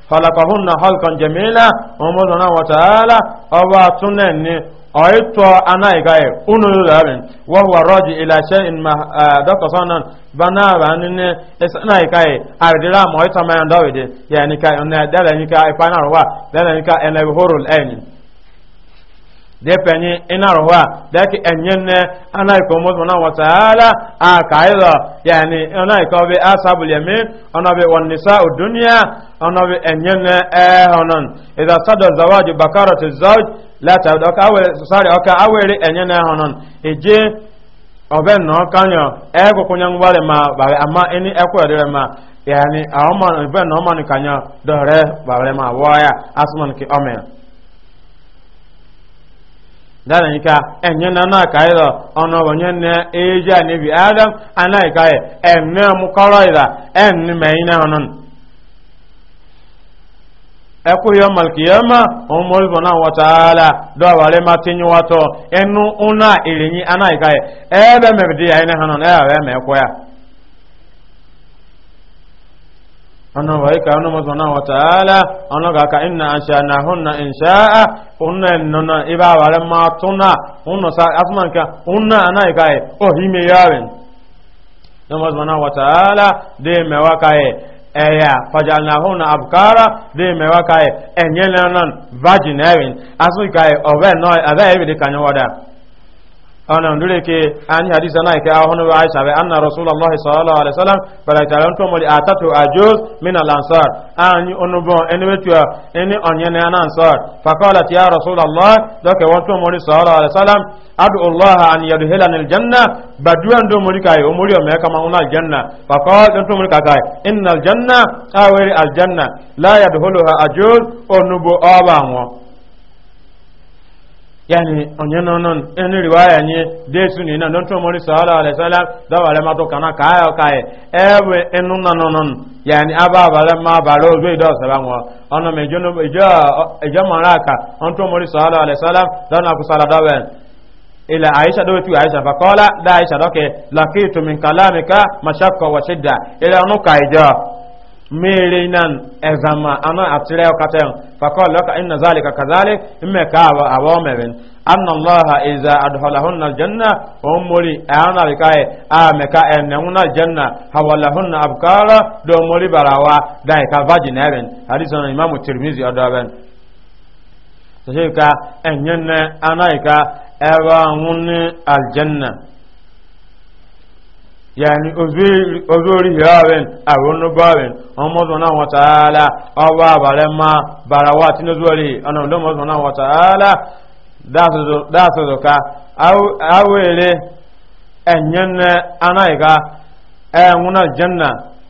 khalaqahunna halkan jamila ọmọ lọ́nà wàtàálà ọba túnẹ̀ ní ọ̀ẹ́tọ́ anáìgáyẹ̀ unúlù rẹ̀ wọ́n wà rọ́jì ìlàṣẹ́ ìmà dọ́kọ̀sọ́nà banaba nínú ẹ̀sánàìkáyẹ̀ àrídìrà mọ̀ ìtọ́mẹ́yàn dọ́wìdì yẹ̀ níka ẹ̀nà dẹ́lẹ̀ níka ìfánàrọ̀wà dẹ́lẹ̀ de enyi ina rohwa da ki enyene ne ana iko mo na taala a ka yani ya iko be asabul yamin ana be wan nisa dunya ana be enyen ne eh honon idza sada zawaj bakaratu zawj la ka sare ka awere enyen ne honon eje wale ma ma ma omen dana ika enye na na ka ilo ono onye na eja ni bi adam ana ika e enne mu koro ila enne me ina honon eku yo mal kiyama umul bana wa taala do wale matinyu wato enu una ilinyi ana ika e ebe me bi ina honon e ebe me ko ya ọ̀nà wàíkà ọ̀nà mọ̀sánà wàtàálà ọ̀nà kàkà iná ansha na húnna ìṣáà húnna ìnana ibà àwàrẹ máa túnà húnna afúnmanka húnna anáìka ẹ̀ òhì mẹ́yàrin ọ̀nà mọ̀sánà wàtàálà dé mẹ́wàá ka ẹ̀ ẹ̀yà fàjàlá húnna àbùkárà dé mẹ́wàá ka ẹ̀ ẹ̀yẹ́ lẹ́nà virgin ẹ̀rin asúnka ẹ̀ ọ̀bẹ́ náà ẹ̀bẹ́ ẹ̀bẹ̀dẹ̀ kanyọ́wọ́dà ana ndure ke an hadisa na ke ahono wa aisha be anna rasulullah sallallahu alaihi wasallam bala taran to moli atatu ajuz min al ansar an onubo eni wetua eni onyene an ansar faqalat ya rasulullah doke wonto moli sallallahu alaihi wasallam adu allah an yadhilana al janna baduan do moli kai o moli o me kama una al janna faqal don to moli kai innal janna awari al janna la yadhuluha ajuz onubo awanwo yani onye no eni en riwaya nye desu ni na don to mori sala ala sala da wala ma to kana kaya kaya ewe enu na non yani aba bala ma bala o gbe do sala won ono me jono ijo ijo maraka on to mori sala ala sala da na ku sala da wen ila aisha do tu aisha fa qala da aisha doke laqitu min kalamika mashaqqa wa shidda ila nuka ijo mere nan ezama ana atire katan fakol laka inna zalika kadhalik imma ka wa awameben anna allah iza adhalahunna aljanna umuri ana likai ameka enna aljanna hawalahunna abkara do muri barawa dai ka vajin even hadith na imam tirmizi adaben sahika enyanna anaika ewa ngunni aljanna yani ozori yawen awonu bawen omozo na wa taala oba barema barawati nozori ana ndo mozo na wa taala daso daso ka aw awele enyenna anaika enuna janna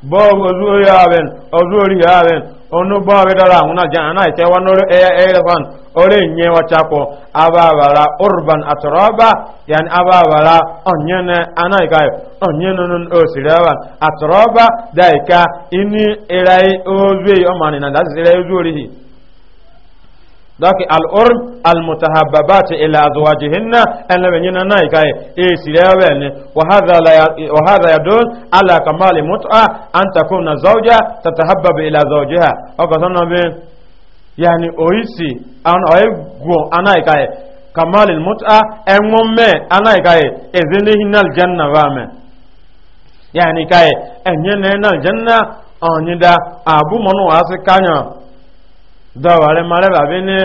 bo ozori yawen ozori yawen onu ba be dara huna jana ite wanoro e, e elefan ore nye wachako ababara urban atraba yani ababara onyene anaika onyene nun osirawa atraba daika ini irai ozi omani na ozu orihi dɔki al'urn almutahabbabati ila azwajihinna ɛnna bɛ ɲina n'a yi ka ye ee siriya bɛ ni wa hadha yadul ala kamali mut'a an takuna zawja tatahabbabu ila zawjiha o ka sɔn na bi yani o yi si an o ye gun an n'a yi ka ye kamali mut'a ɛŋun mɛ an n'a yi ka ye ezinihinna aljanna b'a mɛ yani ka ye ɛnyɛ nɛɛna aljanna ɔnyida abu mɔnu waasi kanya. dɔwɛrɛ mare ba bi ni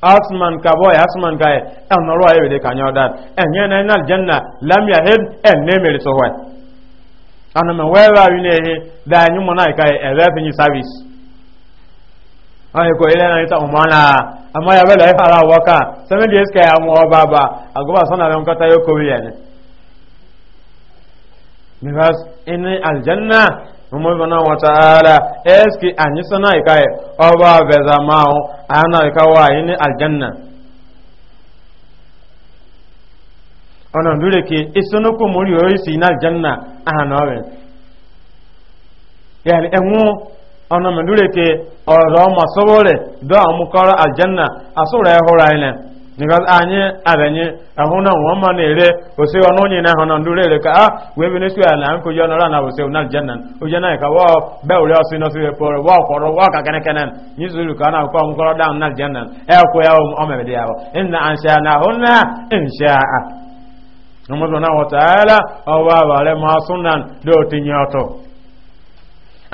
asman ka bɔ asman ka ye ɛ nɔrɔ ye wele ka ɲɔ da ɛ nyɛ na ina janna lamya he ɛ ne meri so wɛ ana mɛ wɛ ba wi ne he da nyu mɔna ye ka ye ɛ bɛ fi ni service ayi ko ile na ita umana amma ya bela ya fara waka sami da iska ya mu ba ba a gaba sana ran kata yo ko wi ne because in aljanna mmụọ na nwata ala eski anyị sọ na ịka ya ọ ma ahụ anyị na ịka wa anyị ne aljanna ọ nọ ndụ reke eso nnukwu mmụọ rịọ isi na aljanna aha na ọrịa ya ni enwu ọ nọ ndụ reke ọrọ ma sọbọrị dọ amụkọrọ aljanna asọrọ ya hụrụ anyị na because anyị abanye ahụ na nwa mma na-ere ose ọnụ onye na ahụ na ndụ rere ka a ah, wee bi n'isi ala nkụ ji ọnọrọ na ose na aljanna oje na ka wọ beure ọsị n'ọsị wee pụrụ wọ kwọrọ wọ ka kene kene nyi zuru ka na akwụkwọ ọmụkọrọ da na aljanna ekwe ya ọ mebede ya bụ nna ansha na ahụ na nsha a ọmụzọ na wọtaala ọwa abalị ma sunan dị otinye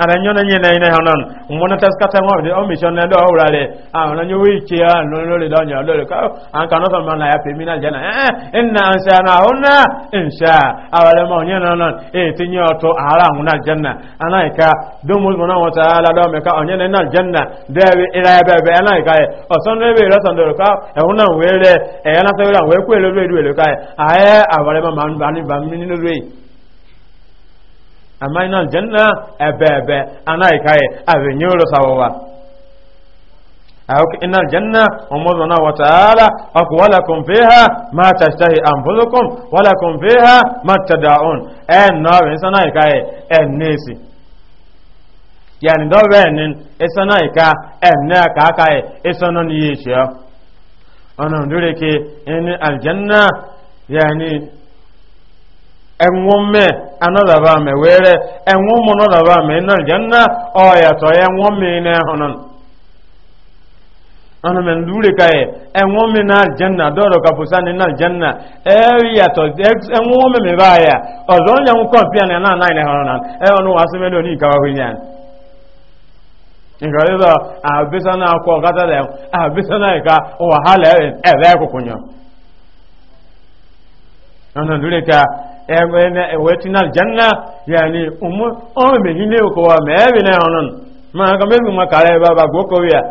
ara nyona nyina ina hanan mona taskata ngobde o mission na do awrare ah na nyowe ichi ah no no le danya do le ka an kanu fa mana ya pe mina jana eh, eh inna ansana hunna insha awale ma nyana non e tinyo to ara huna janna anaika e do mo mona wa taala do me ka onyana na janna dewe ira e, ya bebe anaika e, e o son le be rasan do ka e huna wele e yana tawira we kwele le du le ka aye awale ma man bani bamini no le amma ina janna ebebe ana ikaye abinyoro sawawa أوك إن الجنة أمرنا وتعالى أكو ولكم فيها ما تشتهي أنفسكم ولكم فيها ما تدعون أن نار إنسانا إكاي النيسي يعني دو بينين إنسانا إكا أبناء كاكاي إنسانا نيشيا أنا ندرك إن الجنة يعني enwome anọdabame were enwom na nọjanna ọyatọ ya enwome na hụnan ana men dure kai enwome na aljanna doro kapusa ni na aljanna eyatọ enwome me baya ọzọ nya nwu kọmpia na na nine hụnan e onu asemelo ni kawa hụnyan nkari da abisa na akọ gata da abisa na ika wahala ebe ebe kukunyo ana dure ka ewene ewetinal janna yani umu o me hine ko wa me be na onon ma ka me mu makare baba go ko ya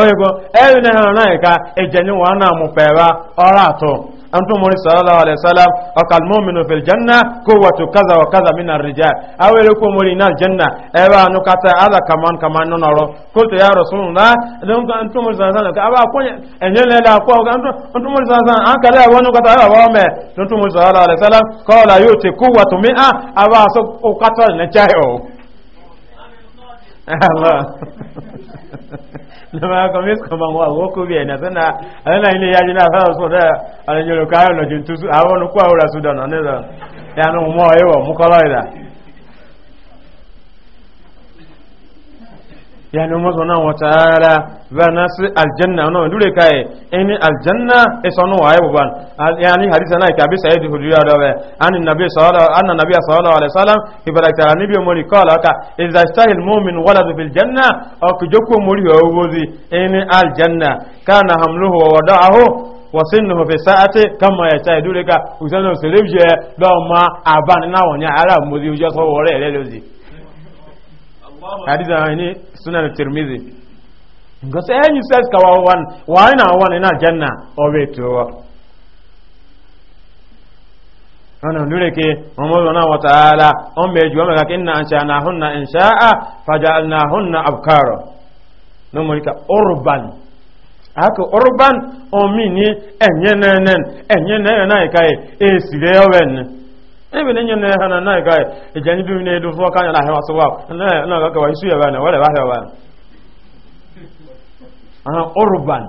oyego e na na ka ejenye wa na mu ọrụ ora to antum muri sallallahu alaihi wasallam akal mu'minu fil janna quwwatu kaza wa kaza min ar-rijal awere ko muri na janna ewa anu kata ala kaman kaman no noro kultu ya rasulullah dum ka antum muri sallallahu alaihi wasallam aba ko le la ko antum muri sallallahu alaihi wasallam an kala wonu kata aba wa me antum muri sallallahu alaihi wasallam qala yuti quwwatu mi'a aba so kata ne chayo Allah na ma ka mis ka mangwa go ku bi na sana ana ile ya jina fa so da ana jiro ka na jintu su awon ku awra su da na ne da ya yani umu subhanahu wa ta'ala ba na si aljanna no dure kai ini aljanna e sonu wa ayu hadisa na ka bi sayyid hudiya da we an nabi sallallahu anna nabi sallallahu alaihi wasallam ibaraka nabi mo ni kala ka idza stahil mu'min walad fil janna aw kujoko mori o wozi ini aljanna kana hamluhu wa wada'ahu wọ́sínú fi sáàtì kama ẹ̀ta ìdúrẹ́ka òṣèlú òṣèlú jẹ́ lọ́mọ àbániláwọ̀ ní aráàmúdí ojú ọsọ́wọ́ rẹ̀ lẹ́lọ́dì sunan tirmidhi nga se enyi eh, ses ka wawan wani na wani na janna obe tuwa ana nure ke Muhammadu na wa ta'ala on be juwa maka na ansha'nahunna insha'a faja'alnahunna abkara no mulika urban aka urban o mi ni enyenenen eh, enyenenen eh, na e kai e, e, esire owen ibi ni nyɛ nɛɛ hana naa kaa ìjɛni bi ne du fɔ kaa nyɛ naa hɛn wa sɔgbɔ naa naa kaa wa isu yɛ ba na wɛrɛ ba hɛ ba ana urban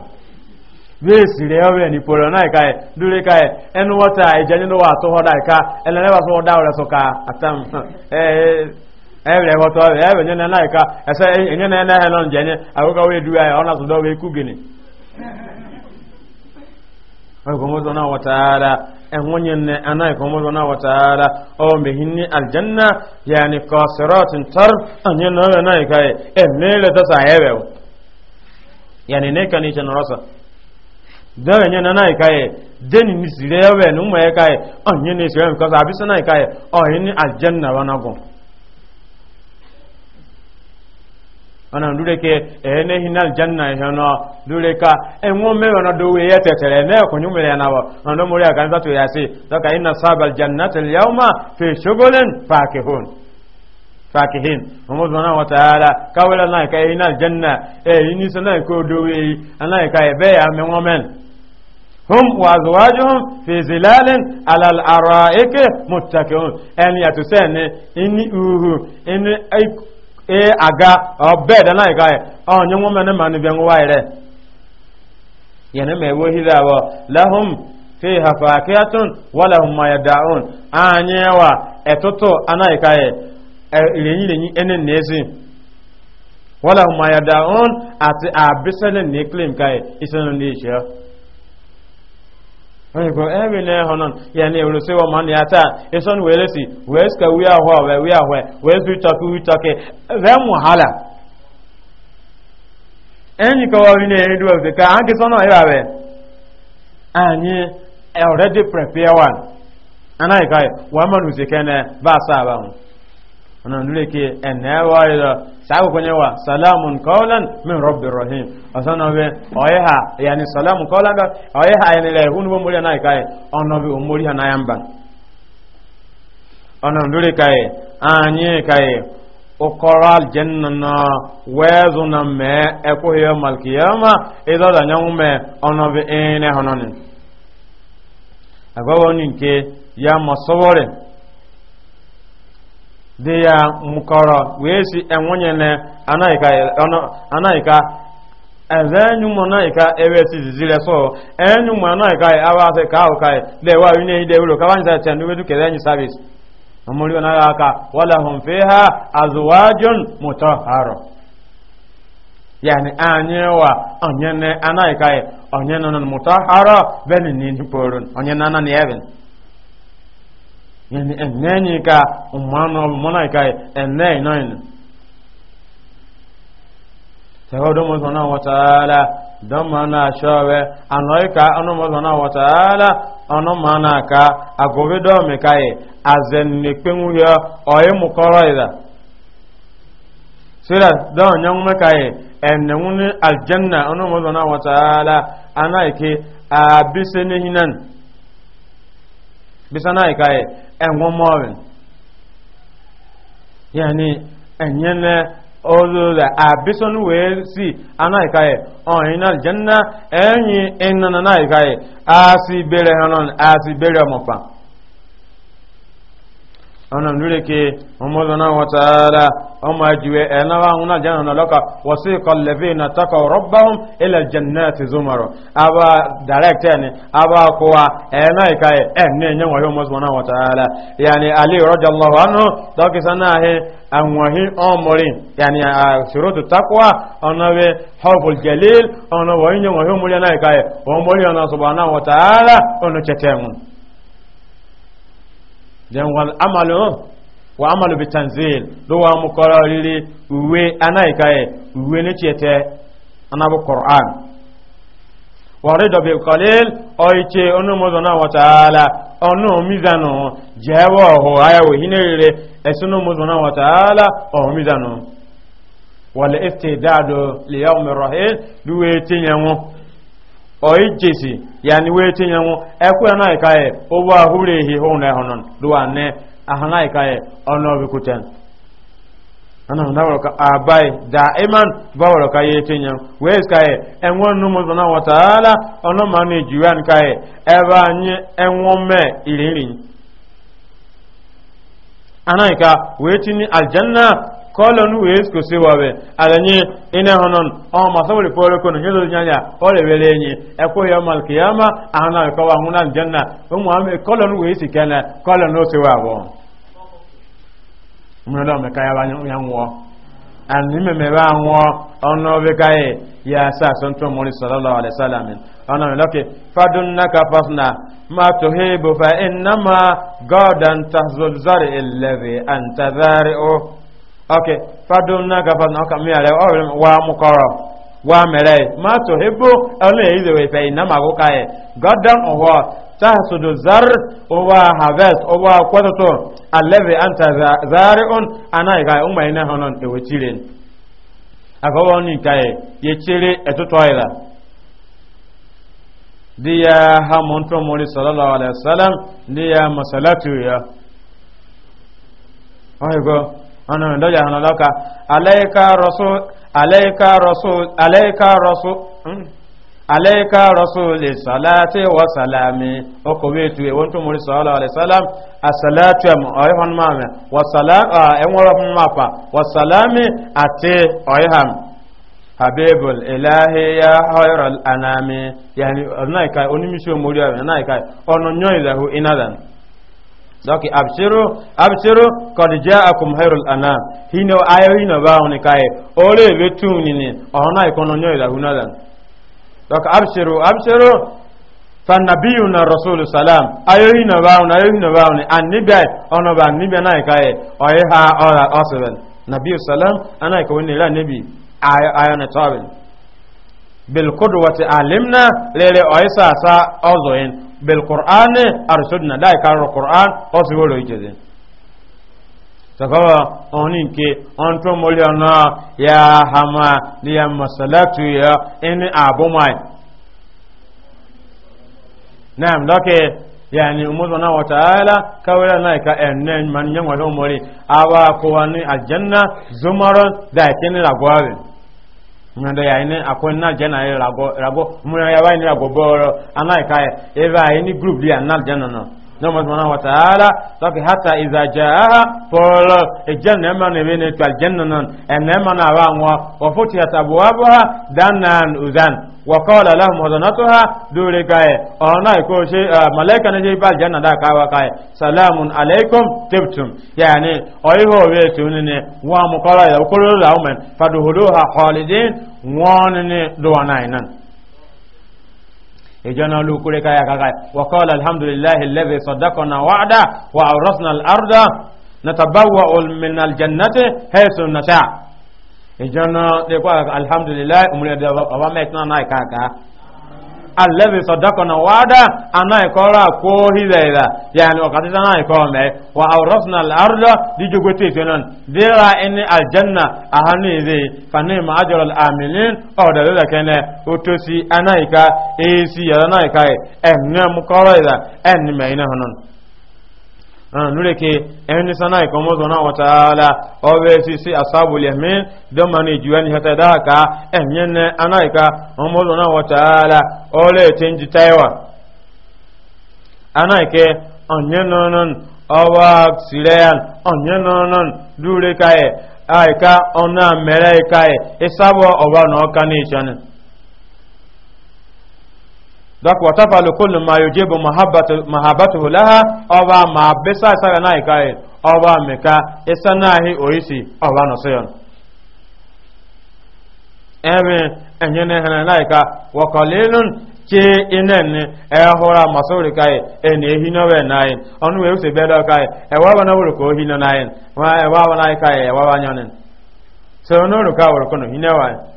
wee siri ya wee ni poro naa kaa dure kaa ɛnu wɔta ìjɛni do uh, wa to hɔ naa kaa ɛnɛ ne ba sɔ da wɛrɛ sɔ kaa atam ɛɛ ɛwɛrɛ wɔtɔ ɛwɛ nyɛ nɛɛ naa kaa ɛsɛ nyɛ nɛɛ nɛɛ hɛ nɔ njɛ nyɛ agogo wee du ya ɔna sɔ dɔ wee ku Ọ̀gbọ̀n mọ́tò náà wọ̀ tààrà enwonyen ne anai ko mo na wataala e o me hinni e, e, aljanna yani qasiratin tar anya na na kai e mele ta sa hebe yani ne kan ita rasa da anya na na kai deni ni sire yawe nu mo kai anya ne sire ko sa abisa na o hinni aljanna wana go ana dure ke ene eh, hinal janna hono eh, dure ka enwo eh, me wono do we yetetere ne ko nyumere na bo ono muri aganza nzatu ya si doka inna sabal jannati al yawma fi shughulin fakihun fakihin umar zana wa ta'ala kawala na ka inal janna e ni sana ko do we ana ka e be ya me women هم وازواجهم في ظلال على الارائك متكئون ان يتسن ان اوه ان e aga bed na ga onye e. nwa mene ma nbe nwa ire yana me wo hira wa lahum fiha faqihatun wa lahum ma yad'un anyewa etoto anaika e, e. e irenyi renyi enen nezi wa lahum ma yad'un ati abisalen ne claim kai isanu ne shi go ebe na eho ya na ewuro sewa man ya ta eson we lesi we ska we aho we we aho we zu toku we toke ve mu hala na edu of the ka anke so no ira we anyi already prepare one ana ikai wa manu zekene ba sa ba nule ke enewa saako kwenye wa salamun qawlan min rabbir rahim asana we oyeha yani salamun qawlan ga oyeha yani le hunu bo muri na kai ono bi umuri na yamba ono ndure kai anye kai okoro aljanna na wezu na me eko hiyo malkiyama ido da nyanwu me ono bi ene hononi agbawo ni nke ya masowore dị ya mkọrọ wee si enwenye na anaghịka eze enyu mụ anaghịka ebe sizizire so e, enyu mụ anaghịka e, awa asị ka ahụ e, ka dewa onye na ide ụlọ kawa nyisa ndị wedu kere enyi savis ọmụrụ na agha aka wala hum fiha ya mutahhara yani anyewa onye na anaghịka onye na mutahhara benin ni porun onye na na ni yani ka umano mona ka enenyi nine sababu domo zona wa taala domo na shawe anoika ano mo ka agobe e, do me kai azen e, ne pengu ya oye mukoro ida sira do nyang aljanna enwun mornin ya ni enyere ozuzo a bisonu wee si ana ikaye oriniri jenina enyi enyere ana ikaye a si bere hononu a ti bere omofa ọ̀nà lórèké ọmọdúnà wọn wataala, ọmọ ìjìwé ẹ̀nà wa ń jẹ́ ọ̀nà lọ́kà wọ́n sí kọ lẹ́fẹ́ iná takọ̀ rọ́bàún ilẹ̀ jẹ̀nà ti zomaro abá dàrẹ́kítẹ̀ ni abá kó wa ẹ̀nà ìka ẹ̀ ẹ̀ ní ẹ̀yẹ́ wọ̀nyí ọmọdúnà wọn tààrà yàní alẹ́ ìrọ́jà lọ́wọ́ àánú dọ́kítà náà hẹ́ àwọ̀nyí ọmọrin yàní àṣíròtù takwa ọ̀nà wẹ́ họ́bùl jẹ̀lẹ́l ọ̀nà wọ̀nyí ọmọdúnà wọn tààrà ọ̀nà chẹ̀tẹ̀ wọn then wal amalu wa amalu bi tanzil do wa mu koro uwe anaika e uwe ne chete anabu qur'an wa rida bi qalil oiche onu mo dona wa taala onu mizanu jewo ho ayo hinere esunu mo dona wa taala o mizanu wal istidadu li yawmi rahil duwe tinyanwo oijesi ya ni wee tinyenwu ekwe anaghịkaghị ụgbọ ahụrụ ehi hụ na ịhụnụ duwa ne ahanaghịkaghị ọnụ ọbịkwuten ana na wala ka abai daiman ba wala ka yete nya wes kae enwon numu na wa taala ono mane juan kae eba nye enwon me ilirin ana ka weti ni aljanna kọlọ nu wee sko se wawe alanyi ina honon o ma sawri pore kono nyodo nyanya ore wele nyi e ko yo mal kiyama ana ko wa huna janna o mu ame kọlọ nu wee sikana se wawo mu na me kaya wa nyanwo an ni me me ba nwo ono be kai ya sa son to mo sallallahu alaihi wasallam ana me loke fadun naka fasna ma tuhibu fa innama gadan tahzul zari alladhi anta zari'u ok fadum na gaba na ọka mmiri ọrịa wa mụkọrọ wa mere ma so hebo ọnụ eyize wefe na mago ka ye godan ọhụọ ta sudu zar ụwa harvest ụwa kwatutu aleve anta zari un ana iga ụmụ ina hụnụ ewechire agawa ọnụ ka ye ya chere etutu ọyịla di ya ha mụntụ mụrụ sallallahu alayhi wasallam di ya masalatu ya ọhịgo ọ̀nà ìdọ́jà ọ̀nà lọ́ka aláìká rọ́sù lè sàlátí wọ sàlámi ọkọ̀wé ètò ìwọ́n tó múrí sọ́ọ́lọ́ alẹ́sàlám àsàlátí ọ̀yọ́hàn máàmì ẹ̀wọ̀n mápa wọ sàlámi àti ọ̀yọ́hàn habibul ilahi ya ọ̀rọ̀ anami yàní ọ̀nà ìka onímísí omori ọ̀nà ìka ọ̀nà yọ́ ìlẹ̀hù inadan doki absiru absiru qad ja'akum khairul anam hino ayo hino bawo ni kai ole betu ni ni ona ikono nyo ila hunadan doki absiru absiru fa nabiyuna rasul salam ayo hino bawo ayo hino bawo ni annibe ono ba nibe na kai oye ha ora oseben nabiyu salam ana ko ni la nabi ayo ayo na tawel bil qudwati alimna lele oysa sa ozoin بالقرآن أرسلنا لا يكرر القرآن أصبر يجزي sakawa onin ke on to moliya na ya hama ni ya masalatu ya ini abu mai naam doke yani umuzo na wataala kawela na ka enen man nyangwa do mori awa ko wani aljanna zumaron da kini lagwawe mrenda ya ine akwen na jana ile rago rago mrenda ya wa ine rago boro anaika eva ini group dia na jana no نعم سبحانه وتعالى لكن حتى إذا جاءها فول الجنة ما نبين الجنة إنما نوان وفتحت أبوابها دانا أذان وقال لهم هدنتها دوري كاي أنا يكون شيء ملائكة نجيب الجنة دا كاوا كاي سلام عليكم تبتم يعني أيهو ويتونني ومقالا إذا وكل لهم فدهلوها خالدين وانني دواناينان ìjọna olùkúrẹ́ káyà kaka wakọ́lá alhamdulillahi lẹ́bẹ̀ sọ̀dákọ̀nà wàdà wà ọ̀rọ̀sìn al'arda na tabawa olmin aljannati haisun nasha ìjọna lẹ́kọ́ alhamdulillahi umar da ọba mẹ́tìnà náà kaka alẹ́bi sọ̀dọ́kọ̀nà wáádá aná ìkọ́rọ̀ àkó hílẹ̀ ìlà yàní ọ̀kàtí sáná ìkọ́ mẹ́ wà àwòrọ́sùnà àrùdọ́ díjogbo tí ìfẹ́ náà dẹ́ra ẹni aljanna àhánú ìdè fanima ajọ́rọ̀ àmìlín ọ̀dọ̀ lọ́dọ̀ kẹ́nẹ́ ó tó sí aná ìka èyí sí yàrá náà ìka ẹ̀ ẹ̀ ní ọmọkọ́rọ̀ ìlà ẹ̀ ní mẹ́yìn náà Ah, nure ke en sana ko mo zona wa taala o be si si ashabul yamin do mani hata da ka enyen anaika o mo zona wa taala o le tenji taiwa anaike onyen nonon awa sirean onyen nonon dure kae aika ona mere kae isabo oba no kanishan dɔk wa tafalu kullu ma yujibu mahabatuhu laha ɔba ma bisa isaga na ika ye ɔba mika isa ɔba ɛmi hɛnɛ na ika wa qalilun ke inɛni ɛhora masori ka ye ɛni ehinɛ na ye ɔnu wɛ use bɛɛ dɔ ka ɛwɔ bɛ na ko hinɛ na ye ɛwɔ bɛ na ka ye ɛwɔ bɛ ka kɔnɔ hinɛ wa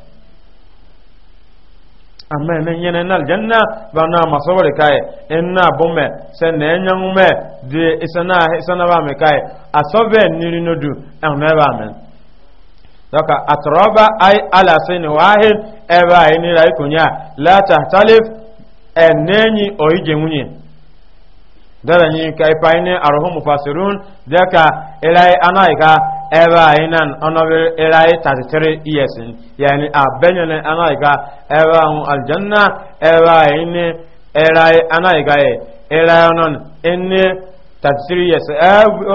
amma ene nyene na nna ba na masawari kai enna bume se na enyangume de isana isana ba me kai asobe niri nodu enna ba men doka atroba ay ala sin wahid e ba ini rai kunya la tahtalif enenyi oije nwunye dara nyi kai paine arhum fasirun daka ilai anaika ebe a inan onobe irayi 33 years yani a benyane ana iga ebe ahun aljanna ebe oh, uh, a ini irayi ana iga ye irayi onon inni 33 years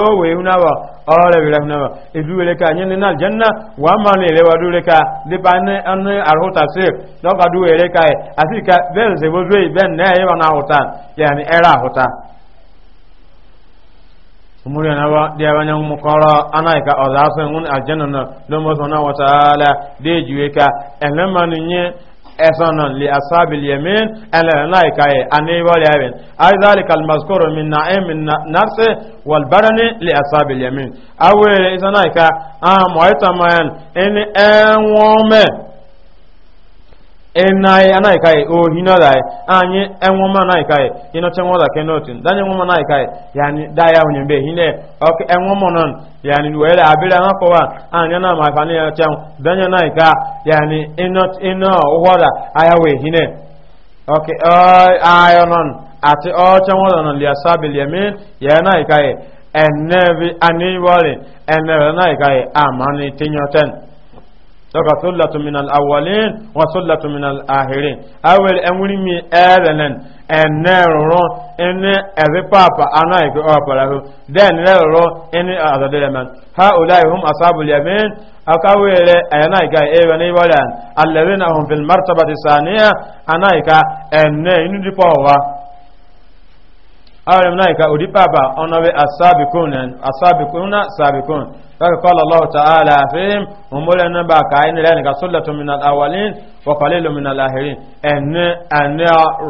owe hunaba ọrẹ bìrẹ hunaba ìdúwẹ̀lẹ̀ ka nyẹ́ nínú aljanna wà á na ní ìrẹwà dúró ka nípa ní ọ̀nà àrùtà sí lọ́kàdúwẹ̀lẹ̀ ka ẹ̀ àti ìka bẹ́ẹ̀ sèbójú bẹ́ẹ̀ náà yẹ́ wọn àhùtà yẹ́ni ẹ̀rọ àhùtà umuri na ba da yawan yan mukara ana ka o za san un aljanna na lo mo sona wa taala de juwe ka elema nye esana li ashabil yamin ala laika ye ani e, wal yamin ay zalika al mazkur min na'im min nafs wal badani li ashabil yamin awe isana ka a ah, mo itamayan en enwome enai anai kai o hino dai anyi enwo ma nai kai ino chenwo da kenotin dan enwo ma nai kai yani da ya onye be hine ok enwo mo non yani wele abira ha ko anya na ma fani ya chan dan ya nai ka yani ino ino wala aya we hine ok ayo non ati o chenwo non liasabi asabil ya nai kai enevi ani wale enere kai amani tinyoten daga sullatu min al-awwalin wa sullatu min al-akhirin awel enwuri mi elenen eneroro ene ebe papa ana ike opara hu den lero ene azadele man ha ulai hum ashabul yamin akawele ana ike ebe ne wala allazina hum fil martabati saniya ana ike ene inu dipowa awel ana ike papa onawe asabikun asabikuna sabikun kaka kala allah ta'ala fihim umule na ba ka yin lani ka sullatu min al-awwalin wa qalilu min al-akhirin en an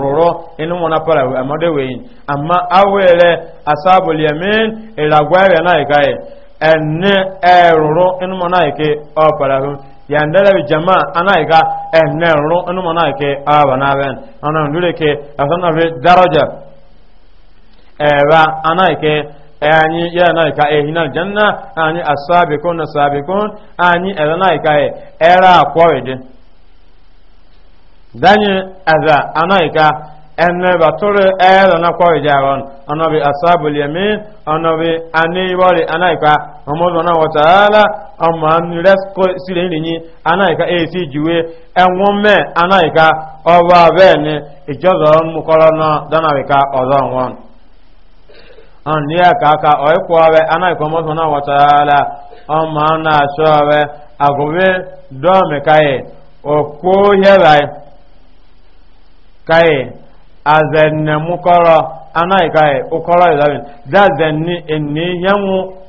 roro inu mona para we amade we yin amma awere ashabul yamin iragwere na ikaye en eroro inu mona ike o para hu yandere bi jama anaika en roro inu mona ike abana ben ana ndure ke asana daraja eba anaike anyị ya na ka na janna anyị asabikun na sabikun anyị era na ka e, era akwọrịdị e danye aza anaika ene batụrụ era na kwọrịdị e aron ọnọbi asabul yamin na ọmọ nresko sire nrinyi anaika esi jiwe enwome ọba bẹẹni ìjọzọ náà ọzọ wọn. an ni ka kaka oyi kuwawe ana ikomo suna wataala an ma na showe agobe domi kaye o ko kaị kaye a ana ikaye ukoro izabin da zenni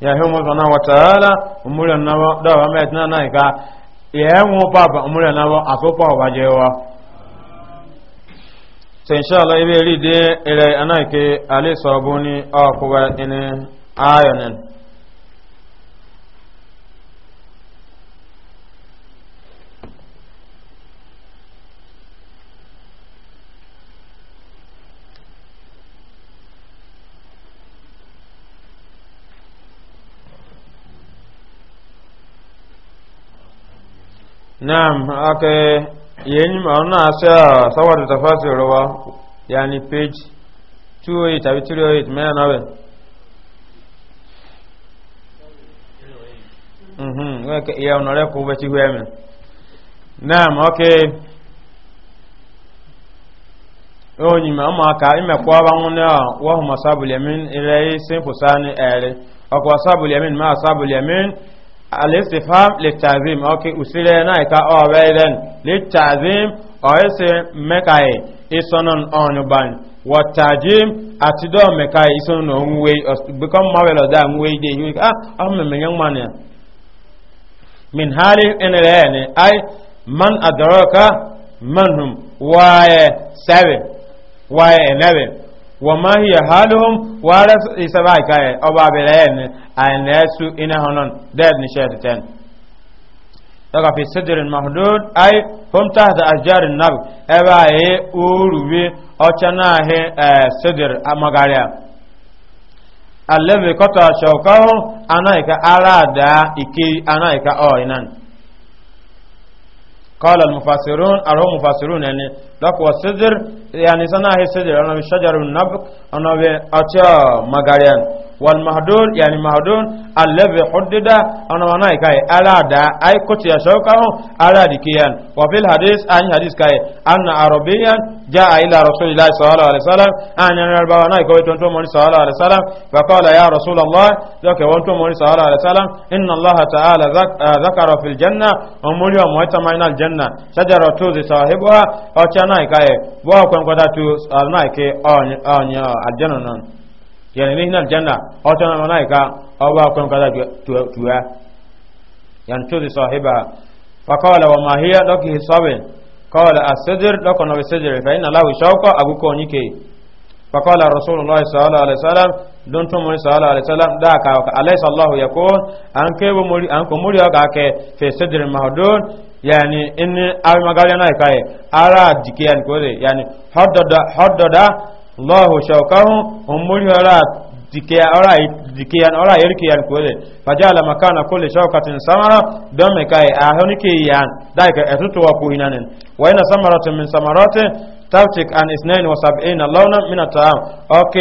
ya he mo sona umuri na wa da wa me na ka ihe mo baba umuri na wa aso pa wa je wa inshallah ibe ri ere anai ale so boni o Naam, aka yenyi maana asa sawa tutafasi rowa yani page 208 abi 308 mea nawe. Mhm, weka ya unale kuba chihweme. Naam, okay. Onyi mama aka imekwa banwune a wa huma sabul yamin ilai simple sani ere. Akwa sabul yamin ma sabul yamin Ale si faamu litaazim usile na ka ọ wee leen litaazim o ese mekai isonon ọnụnụ ban wotaazim ati doo mekai isonon wee o si biko mawel ọ daa wee dị ị nwere ka ọ ya ngman ya. Mịn haali enere eni anyị manụ adoro ka manụ waa e sebe wama hiya haluhum wara isabai kai e, oba bilayen aynesu e ina hanon dead ni shed ten daga fi sidrin mahdud ay hum tahta ashjarin nab eba e, e urubi ochana he sidr amagaria alladhi kota shawqahu anaika arada iki anaika oinan oh, قال المفسرون أرهم مفسرون يعني لك والسدر يعني سنة هي السدر أنا بشجر النبق أنا بأتيا مغاريان wal mahdud yani mahdud alladhi huddida ana wana kai ala da ai kuti ya shauka ala dikiyan wa fil hadis an hadis kai anna arabiyan jaa ila rasulillahi sallallahu alaihi wasallam an yana ba wana kai ton to moni sallallahu alaihi wasallam fa qala ya rasulullah zaka won to moni sallallahu alaihi wasallam inna allah ta'ala zakara fil janna umuri wa mu'tamainal janna shajaratu zi sahibuha o chana kai wa kwan kwada tu alnai ke on on aljanna yani ni hinal janna oto na malaika awa kun kaza tuwa yan tuzi sahiba fa qala wa ma hiya laki hisabe qala as-sidr lakon wa sidr fa inna lahu shawqa aguko nyike fa qala rasulullah sallallahu alaihi wasallam don to muri sallallahu alaihi wasallam da ka ka alaihi sallahu yakun an ke bo muri an ko muri ka fe sidr mahdud yani in ay magale na kai ara dikiyan ko yani haddada haddada lọ́hù ṣọ̀kọ́hún òmúrí ọ̀rá dikiyan ọ̀rá yẹ́rìkìyàn kò lè fàjá alamakana kó lè ṣọ́kàtún samara don mẹ́kàí àhóníkìyàn dáìkà ẹ̀tútùwà kò ìnanin wà iná samarotin min samarotin tautik and isnain wasab'in launan minata'am ok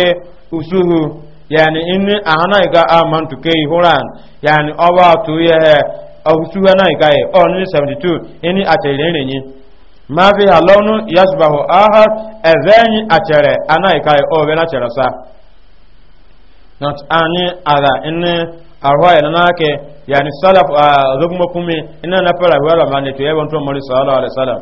usuhu yani inni ahana iga aman tuke ihuran yani ọba tuye ọhusuwa na iga ọ ní 72 ini àtẹ̀lẹ́rẹ̀ ma fi halonu yasbahu ahad ezenyi achere anaikai obe na chere sa not anyi agha inni arwa ina nake yani salaf a zugmo kumi ina na fara wala mani to yebon to mori sallallahu alaihi wasallam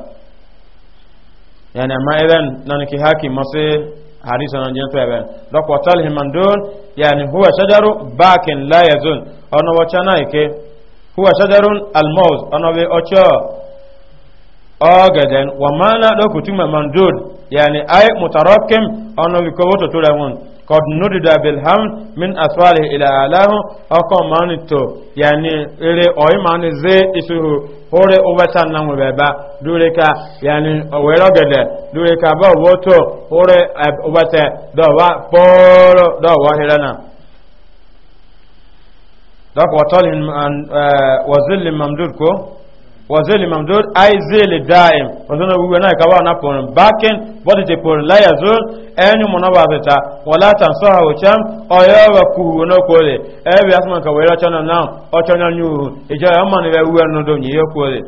yani ma idan nan ki haki masu hadisa nan jin to even dok watal himandun yani huwa shajaru bakin la yazun ono na ike huwa shajarun almawz ono be ocho ogaden wa mana do kutuma mandud yani ay mutarakim ono bi ko woto tura won qad nudida bil hamd min asfalihi ila alahu oko manito yani ere oy mani ze isuhu hore obatan nan we ba dure ka yani wero gede dure ka ba woto hore obate do wa poro do wa helana dak wa talhin wazeli mamdud ay zeli daim wazana wuwe na ikawa na pon bakin bodi te pon la yazul enyu monaba beta wala tansaha ucham oyawa kuwo no kole ebi asman ka wera chana na ochana nyu ija yamma ne wuwe no do nyi yokole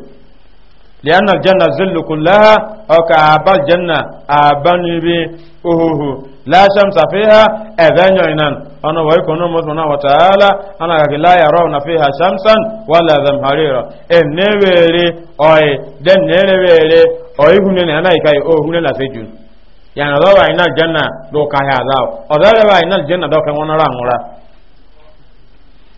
lianna aljanna zillu kullaha au ka abal janna abanibi uhuhu la shamsa fiha ɛvɛnyɔ inan ɔnɔ wɔyi kɔnɔ mɔsɔnna wataala ana kaki la yarɔ na fiha shamsan wala zamharira e ne weere ɔye den ne ne weere hunne ne ana yi o hunne la seju. Yana yanadɔ wa ina janna do kahi azaw ɔdɔ wa ina janna dɔ kɛ ŋɔnɔra ŋɔra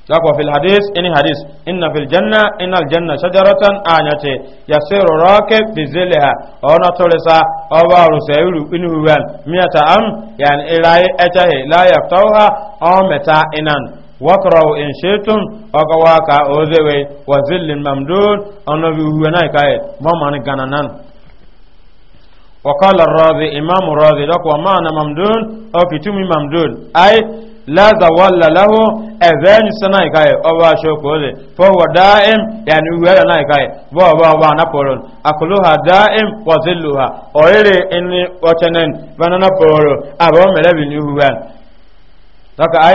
sako fil hadis ini hadis inna fil janna innal janna shajaratan anyate yasiru rakib fi zilha ona tolesa oba rusairu inu wan miata am yani ilai etahe la yaftauha aw meta inan wakraw in shaytum akawaka ozewe wa zillin mamdud ona bi huwana kai mamani gananan وقال الرازي إمام الرازي لك ومعنى ممدون أو كتومي ممدون أي laza walla lahu ẹ̀vẹ́ni sana ikaye ọba aṣọ́kò rẹ̀ fọwọ́ dáim yàní ìwé náà ikaye bọ́ọ̀bọ́ ọba anápọ̀rọ̀ akọlùhà dáim pọ̀sílùhà ọ̀rẹ́rẹ̀ ẹni ọ̀chẹ́nẹ́n bẹ́ẹ̀nàpọ̀rọ̀ ya mẹ́rẹ́bì ní ta'ala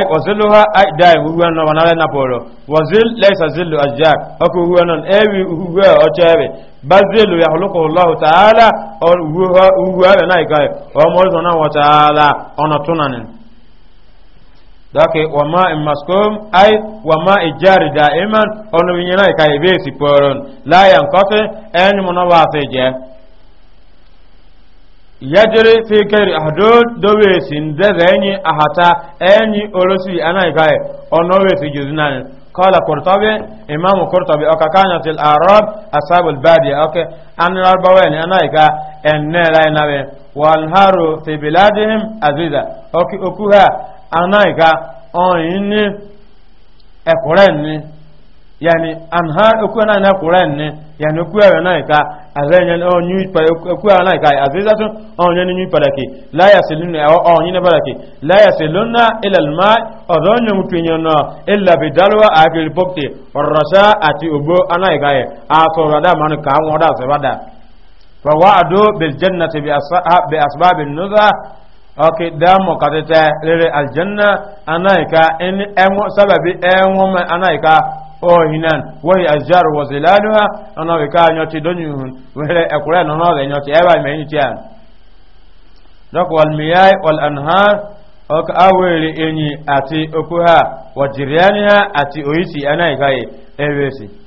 na ikai wa wa ta'ala ona tunanin dake wama in ai wama ijari da'iman onu binyana ka ibe si poron la yan kote en muno wa se je yajiri fi kairi ahdud do we sin de zenyi ahata eni olosi anai ka e, ono we si juzinan قال قرطبي امام قرطبي او كانت الاعراب اصحاب الباديه اوكي ان الاربعين انا ايكا ان لا ينبه والهارو في بلادهم عزيزه ok اوكوها anaika ọ̀yìn ní ẹ̀kúrẹ́ ní yàní àǹhà okú ẹ̀ náà ní ẹ̀kúrẹ́ ní yàní okú ẹ̀rọ náà ká àzẹ́yẹn ọ̀nyú ìpàdé okú ẹ̀rọ náà ká àzẹ́yẹn tún ọ̀nyẹ́ ní pàdàkì láyàsẹ̀ lónà ọ̀nyẹ́ ní pàdàkì láyàsẹ̀ lónà ilẹ̀lmá ọ̀dọ́ nyẹ́ mutu yẹn náà ilẹ̀ oke damo katete rere aljanna anaika en enwo sababi enwo ma anaika ohinan wahi azjaru wa zilaluha anawika nyoti donyuhun wele ekure no no de nyoti eba me nyoti an dok wal miyai wal anhar ok awere enyi ati okuha wa jiryaniha ati oisi anaika ewesi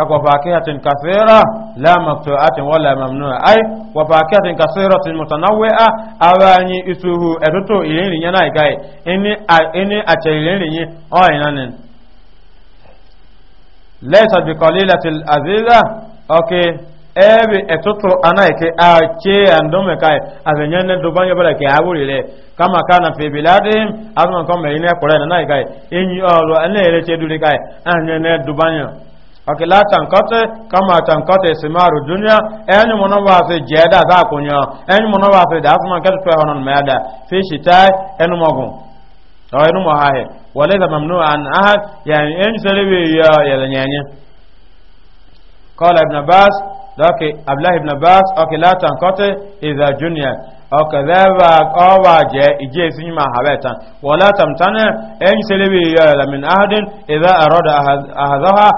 لك وفاكهة كثيرة لا مقطوعة ولا ممنوعة أي وفاكهة كثيرة متنوعة أواني إسوه أدوتو إلين لينا إكاي إني إني أتشيلين ليني أو إنانين ليست بقليلة الأذيذة أوكي ebe etutu anaike a ce an dome kai a zanyen na duban ya bala ke haguri le kama kana fi biladin azman kan mai ne kore na nai kai in yi oro an ne ce duri kai an ne duban ake la tankate kama tankate simaru dunya enyu mono wa fe jeda da kunya enyu mono wa fe da asman katu pe honon fi shita enu mogun o enu mo hahe wala da mamnu an ahad yani en ya ya nyanya qala ibn abbas dake abdullah ibn abbas ake la tankate iza dunya o kadhaba qawa je ije sinima habeta wala tamtana en selewe ya la min ahadin idha arada ahadaha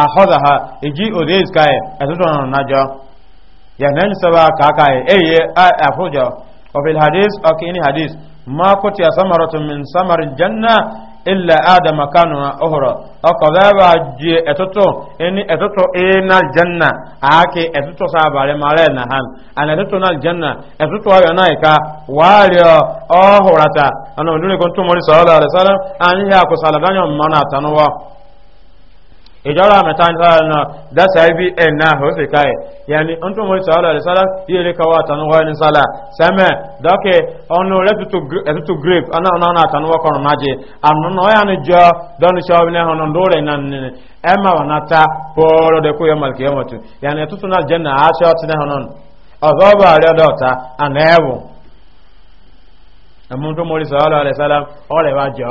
akhadha eji odes kai atuto e, e najo ya nan saba ka kai eye e afujo wa fil hadis o kini hadis ma kuti samaratu min samar janna illa adam kanu ohra o ko ba je atuto eni atuto ina janna ake atuto sabare mare na han an atuto na janna atuto ayo na ika wario ohurata ana nune kon tumori sallallahu alaihi wasallam ya ko saladanyo mana tanwa ìjọra mẹ́ta ní sára náà dáṣà ibi ẹ̀nà òsì káyẹ̀ yẹni ń tún mọ́ ìsọ̀ ọ̀rọ̀ ìsọ́lá yìí rí kọwọ́ àtànúwọ́ ní sálà sẹ́mẹ̀ dọ́kẹ̀ ọ̀nà ẹ̀tùtù grape ọ̀nà àtànúwọ́ kọrùn májì àmúnà ọ̀yà ni jọ dọ́nu ṣọ́ọ̀bìnrin ẹ̀họ̀n lóòrẹ̀ náà nínú ẹ̀mà wà náà ta pọ̀ọ́rọ̀ dẹ́kú yọ màlìkì yọmọ̀ tù yẹni ẹ̀tùtù náà jẹ́ náà aṣọ ọtí náà nọ ọ̀zọ́ bá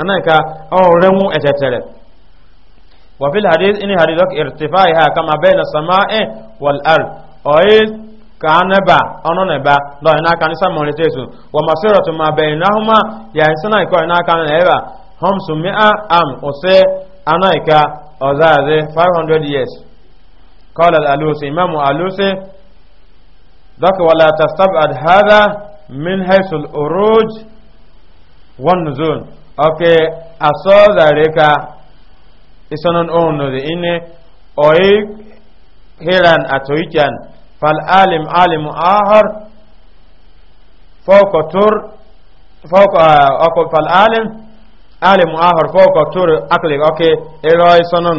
أنك أو رمو أتتلت وفي الحديث إن حديث ارتفاعها كما بين السماء والأرض أويس كانبا أنو نبا لا إنا كان سما ونتيسو ومسيرة ما بينهما يعني سنة يكون إنا كان نبا هم سمئة أم أسي أنا إكا أزازي 500 years قال الألوسي إمام ألوسي ذاك ولا تستبعد هذا من حيث الأروج والنزول oke asọzare ka isanon onode ine oyi hiran atoichan fal alim alim ahar foko tur foko eh, oko fal alim alim ahar foko tur akli oke ero isanon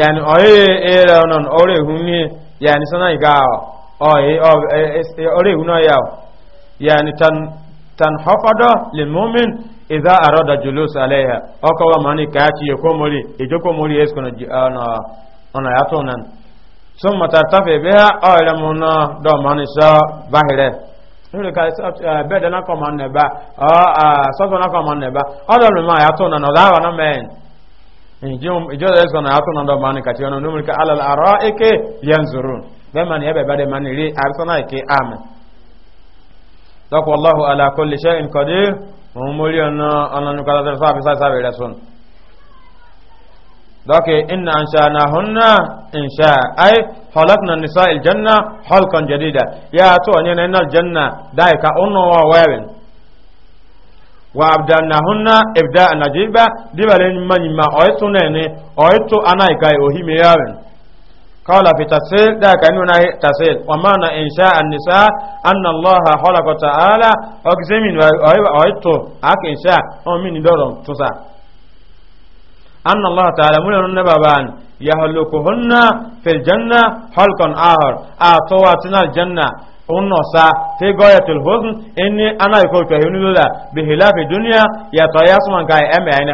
yani oyi ero non ore hunni yani sana iga oyi eh, eh, ore huno ya yani tan tan hafada lil mu'min idza arada julus alaiha aka wa mani kaci ya es kono ana ana yato nan do mani sa bahire nuri ka bɛɛda na kɔma ne ba sɔsɔ na ne ba lu ma a yato na na ɔdaa wa na mɛn ijɔ da na yato na dɔ ma ka alal arɔ eke yan ma amen ala kulli shay'in umuri ono ononu kala da sabi sabi sabi rasun doke inna anshana hunna insha ay halakna nisa aljanna halqan jadida ya to ne na aljanna dai ka onno wa wawen wa abdanna hunna ibda najiba dibalen manima oyto ne ne oyto anai kai ohime yawen قال في تفسير ده كانونا تفسير ومعنى إنشاء النساء أن الله خلق تعالى أجزمين وأيتو أك إنشاء أمين دورهم تسا أن الله تعالى من النبابان يهلكهن في الجنة خلقا آخر أعطواتنا الجنة unnosa fi goyatul husn inni ana ikol ka hinulola bi hilafi dunya ya tayasman kai eme ayne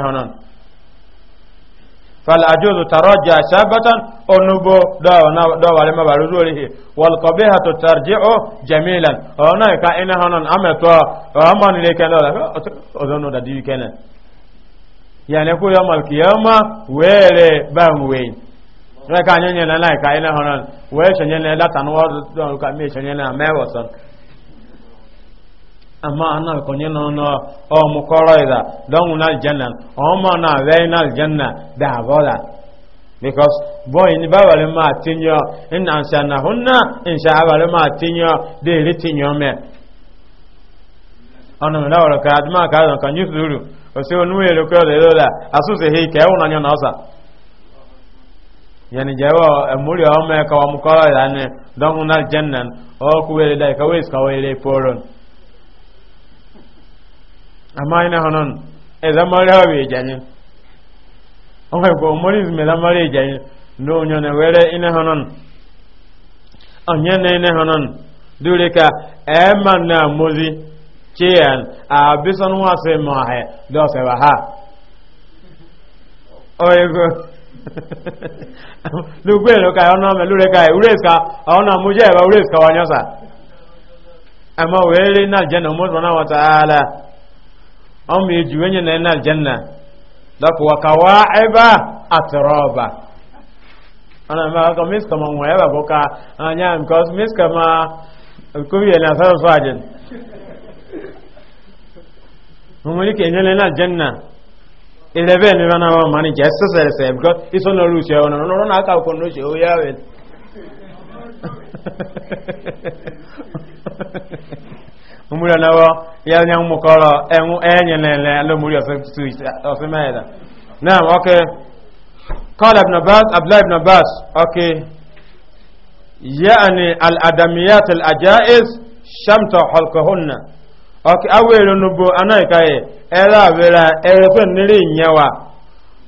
fala ajuzu taraja shabatan onubo do wale ma baruzurihi wal qabihatu tarji'u jamilan ona ka ina hanan amato amman le kana ozono da diwi kana yani ko yamal qiyama wele banwe ka nyenye na na ka ina hanan we shenye na latanu wa ka me shenye na mewasan amma ana konye no no o mu koro ida don na janna o ma na ve na janna da bola because boy ni baba le ma tinyo in ansha na hunna in sha baba le ma tinyo de ri tinyo me ona me lawo ka adma ka don kan yusuru o se onu e lo ko de lo asu se he ke ona nyo na osa yani jawa amuri e o me ka wa mu koro ne don na janna o ku we dai ka we ska we le poron amma ina hannun e zama rawa ya jani o kai ko mori me jani no nyo were ine hannun onye ne ina honon dure ka e man na mozi cheyan a bisan wa se ma he do se ha o ego lugbe lo ka ona me lure ka ureska ona muje ba ureska wa nyosa were na janna mo na wa ala. an mai juwenye na yana aljanna da kuwa kawa eba a turoba ana ma aka miska man waya ba boka anya because miska ma kubiya na sarar fajin mumuni ke nyele na aljanna ilebe ni bana wa mani je sesere se because iso no lu se ona no na aka ko no se o yawe umuri nawo ya nya mukoro enwu enye lele lo muri osimeda na okay قال ابن باز عبد الله ابن باز اوكي يعني الادميات العجائز شمت حلقهن اوكي اول نبو انا كاي الا ولا ايفن نري نيوا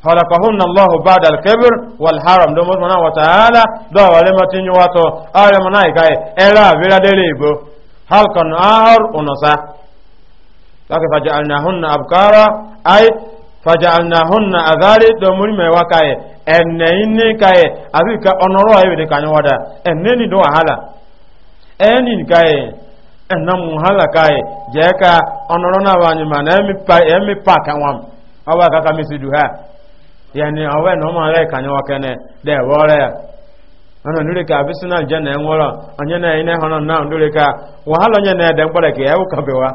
خلقهن الله بعد الكبر والحرم دوم سبحانه وتعالى دو ولمتين واتو اول مناي كاي الا ولا دليبو halkan ahar unasa kaka fajalnahunna abkara ay fajalnahunna azari do muri me wakaye enne ni kaye abi ka onoro ayi de kanyo wada enne ni do wahala enne ni kaye enna mu hala kaye je ka onoro na wa nyima na mi pa mi pa kan wam awa ka mi sidu ha yani awen no ma le kanyo wakene de wore ana nure ka abisi na aljanna en wora anya na ina hono na nure ka wahala nya na da ngora ke ewu ka bewa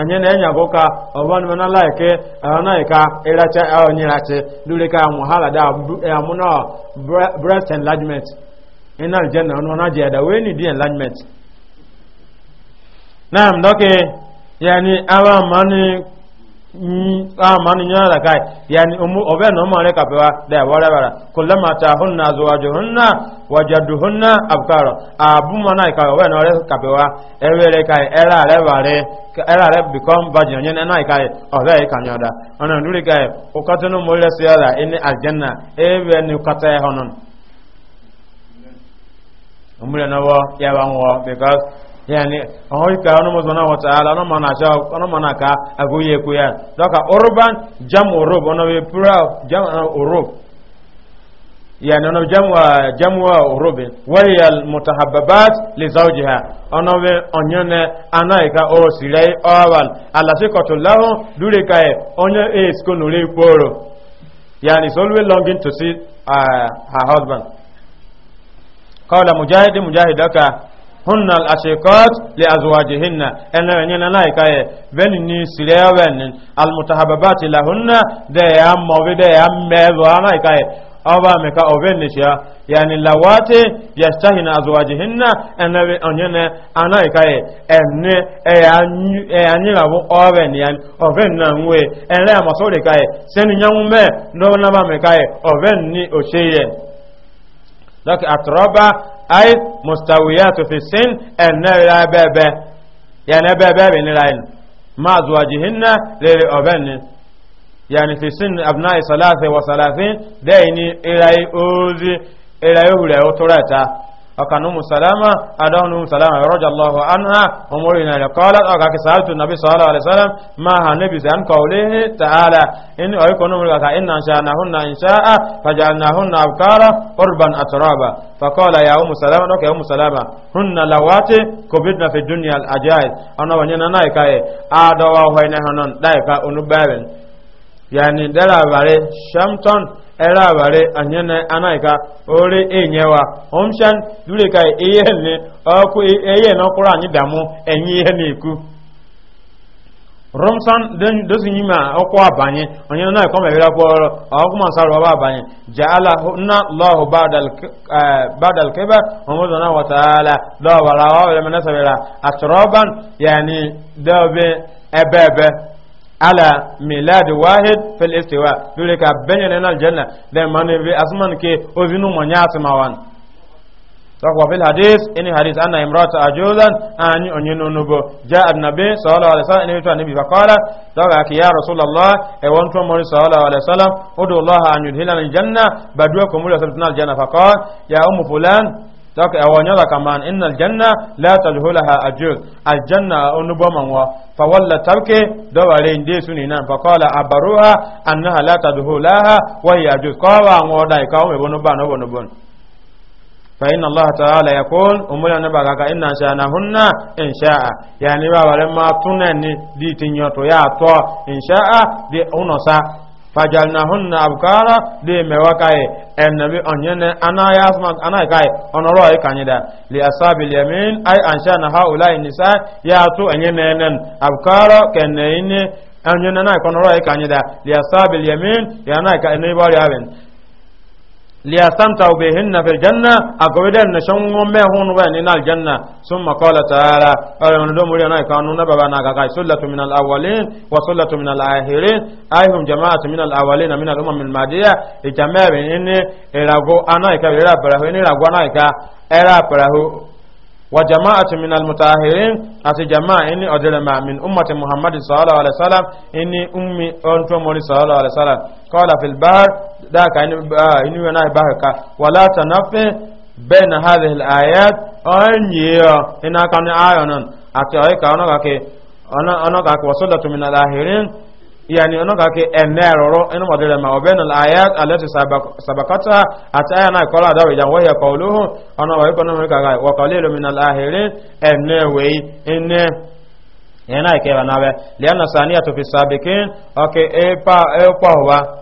anya na eh, eh, nya go ka oban mana like ana ka iracha onye nure ka da eh, na breast enlargement ina ono na je da we ni di enlargement doke yani awa mani Mm, amani ah, nyana la kai yani umu obe no ma reka pewa da wala wala kullama tahunna azwajuhunna wajaduhunna abkara abu mana ka obe na ọrịa pewa ewere kai kapewa re bare era re become virgin nyana na kai obe ka nyoda ka nduri kai ukatunu mulle siyala ini aljanna ewe ni ukata honon umule ya yawanwo because yani ahoyka ono wa taala ono mana ono ya doka urban jam urub ono we jam uh, urub yani ono jam wa jam wa urub mutahabbabat li zawjiha ono awal lahu dure hunna al-ashiqat li azwajihinna ena wenye na laika ye veni ni sirea wen al-mutahabbabati lahunna de ya mawi de ya mezo laika ye aba me ka oven ya yani lawate yastahina azwajihinna ena we onye na anaika ye enne e anyu e anyira bo oven yani oven na nwe ene amasore ka ye senu nyanwume no na ba ye oven ni oseye dak atroba ay mustawiyatu fi sin ẹnẹrẹ bẹbẹ yẹnẹ bẹbẹ bi nira yin ma zuwajihinna lere ọbẹni yani fi sin abinai salasi wa salasi dẹyini irayi ozi irayi hure otorata أكن أم سلامة أدهن أم سلامة رضي الله عنها أمورنا قالت أكاك سألت النبي صلى الله عليه وسلم ما هنبي عن قوله تعالى إن أيكن أمرك إن أنشأناهن إن شاء فجعلناهن أبكارا قربا أترابا فقال يا أم سلامة أوكي أم سلامة هن لواتي كبدنا في الدنيا الأجائز أنا ونينا نايكا أدوا وهينهن نايكا أنبابن يعني دلا باري شمتون era abare anyene anaika ore enyewa omshan dure kai eyenne oku eyen okuru anyi damu enyi ihe na-eku romsan den dosi nyima okwa abanye onye na ko mebira ọrụ ọkụ saru baba abanye jaala na allah badal badal kiba umudu ala miladi wahid fil istiwa dole ka benyana na aljanna da manu bi asman ke ovinu manya asmawan Sakwa fil hadis ini hadis anna imrata ajuzan ani onyinu nubo ja annabi sallallahu alaihi wasallam ini tuani bi faqala daga ki ya rasulullah e won to mo sallallahu alaihi wasallam udu allah an yudhilana aljanna badwa kumul sallallahu aljanna faqala ya ummu fulan dɔk ɛwɔnyɔ eh, la kaman inna aljanna la talhulaha ajur aljanna onubo manwa fa walla tabke dɔbare nde suni nan fa kɔla abaruha annaha la talhulaha wa hiya ajur kɔwa ŋɔ dai kawo me bonu ba no bonu bon fa inna allah ta'ala yaqul umula ne baga ka inna sha'nahunna in sha'a yani ba bare fajalnahunna abkara de mewakaye ennabi onyene anaya asman anaya kai onoro ay kanyida li asabil yamin ay anshana haula nisa ya to enyene nen abkara ine anyene na konoro ay kanyida li asabil yamin ya na ka ne bari aben ليستمتع بهن في الجنة أقول أن شنو مهون وين الجنة ثم قال تعالى أرون لهم لنا كانوا نبغانا كاي سلة من الأولين وسلة من الآخرين أيهم جماعة من الأولين من الأمم المادية إجماع بين إني إلى أنا إكبر إلى بره إني إلى أنا إكبر إلى بره وجماعة من المتاهرين أتي جماعة إني أدلما من أمة محمد صلى الله عليه وسلم إني أمي أنتم مولي صلى الله عليه وسلم قال في البحر ذاك إني آه، وناي بحر ولا تنفي بين هذه الآيات أني آية إنا كان آيانا أتي أيك أنا أنا أنا كاك وصلت من الآخرين yani ono ka ke enero eno modele ma obenal ayat alati sabakata ataya na kola da ya wa ya qawluhu ono wa ikono me ka ga wa qalilu min al ahirin enewe enne. ena ke banabe liana saniyatu fi sabikin okay e pa e wa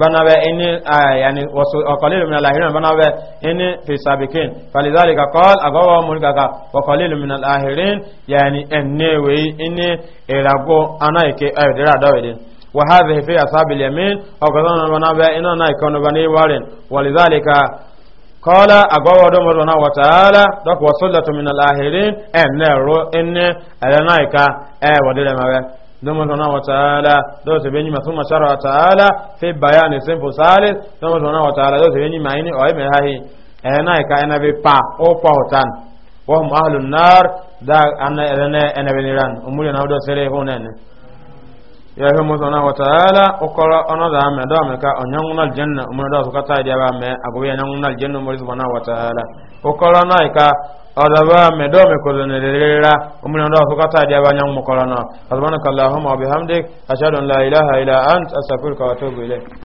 bana bɛ ini eh, yani wasu ɔkɔlilu minɛ lahirin bana bɛ ini fi sabikin falizali ka kɔl a gɔbɔ mun ka kan ɔkɔlilu minɛ lahirin yani ɛnne wei ini irago ana yi ke ɛyɛ eh, dira dɔw ye wa hadhihi fi asabil yamin ɔkɔlilu bana bɛ ina na yi kɔnɔ bani warin walizali ka قال أقوى دم ربنا وتعالى دك وصلة من الآخرين أن نرو إن ألنايك أه ودل ما nomo sona wa taala do se benyi masuma shara wa taala fi bayani simple salis nomo sona wa taala do se benyi maini o me hahi ena ka ena be pa o pa hotan wa hum ahlun nar da anna ene ene beniran umuri na do sere honene ya fi mu sona wa taala o koro ono da me okoro na ika ọdọba mẹdọọmẹ kọlọ nìrẹrẹra omínà náà fọkàtà di abáyá mọkọrọ náà asùmọ́nà kàlá ọmọ ọbẹ̀ hamdi aṣáàdùn láìláha ilá ant asàkúrù kàwàtó gbélé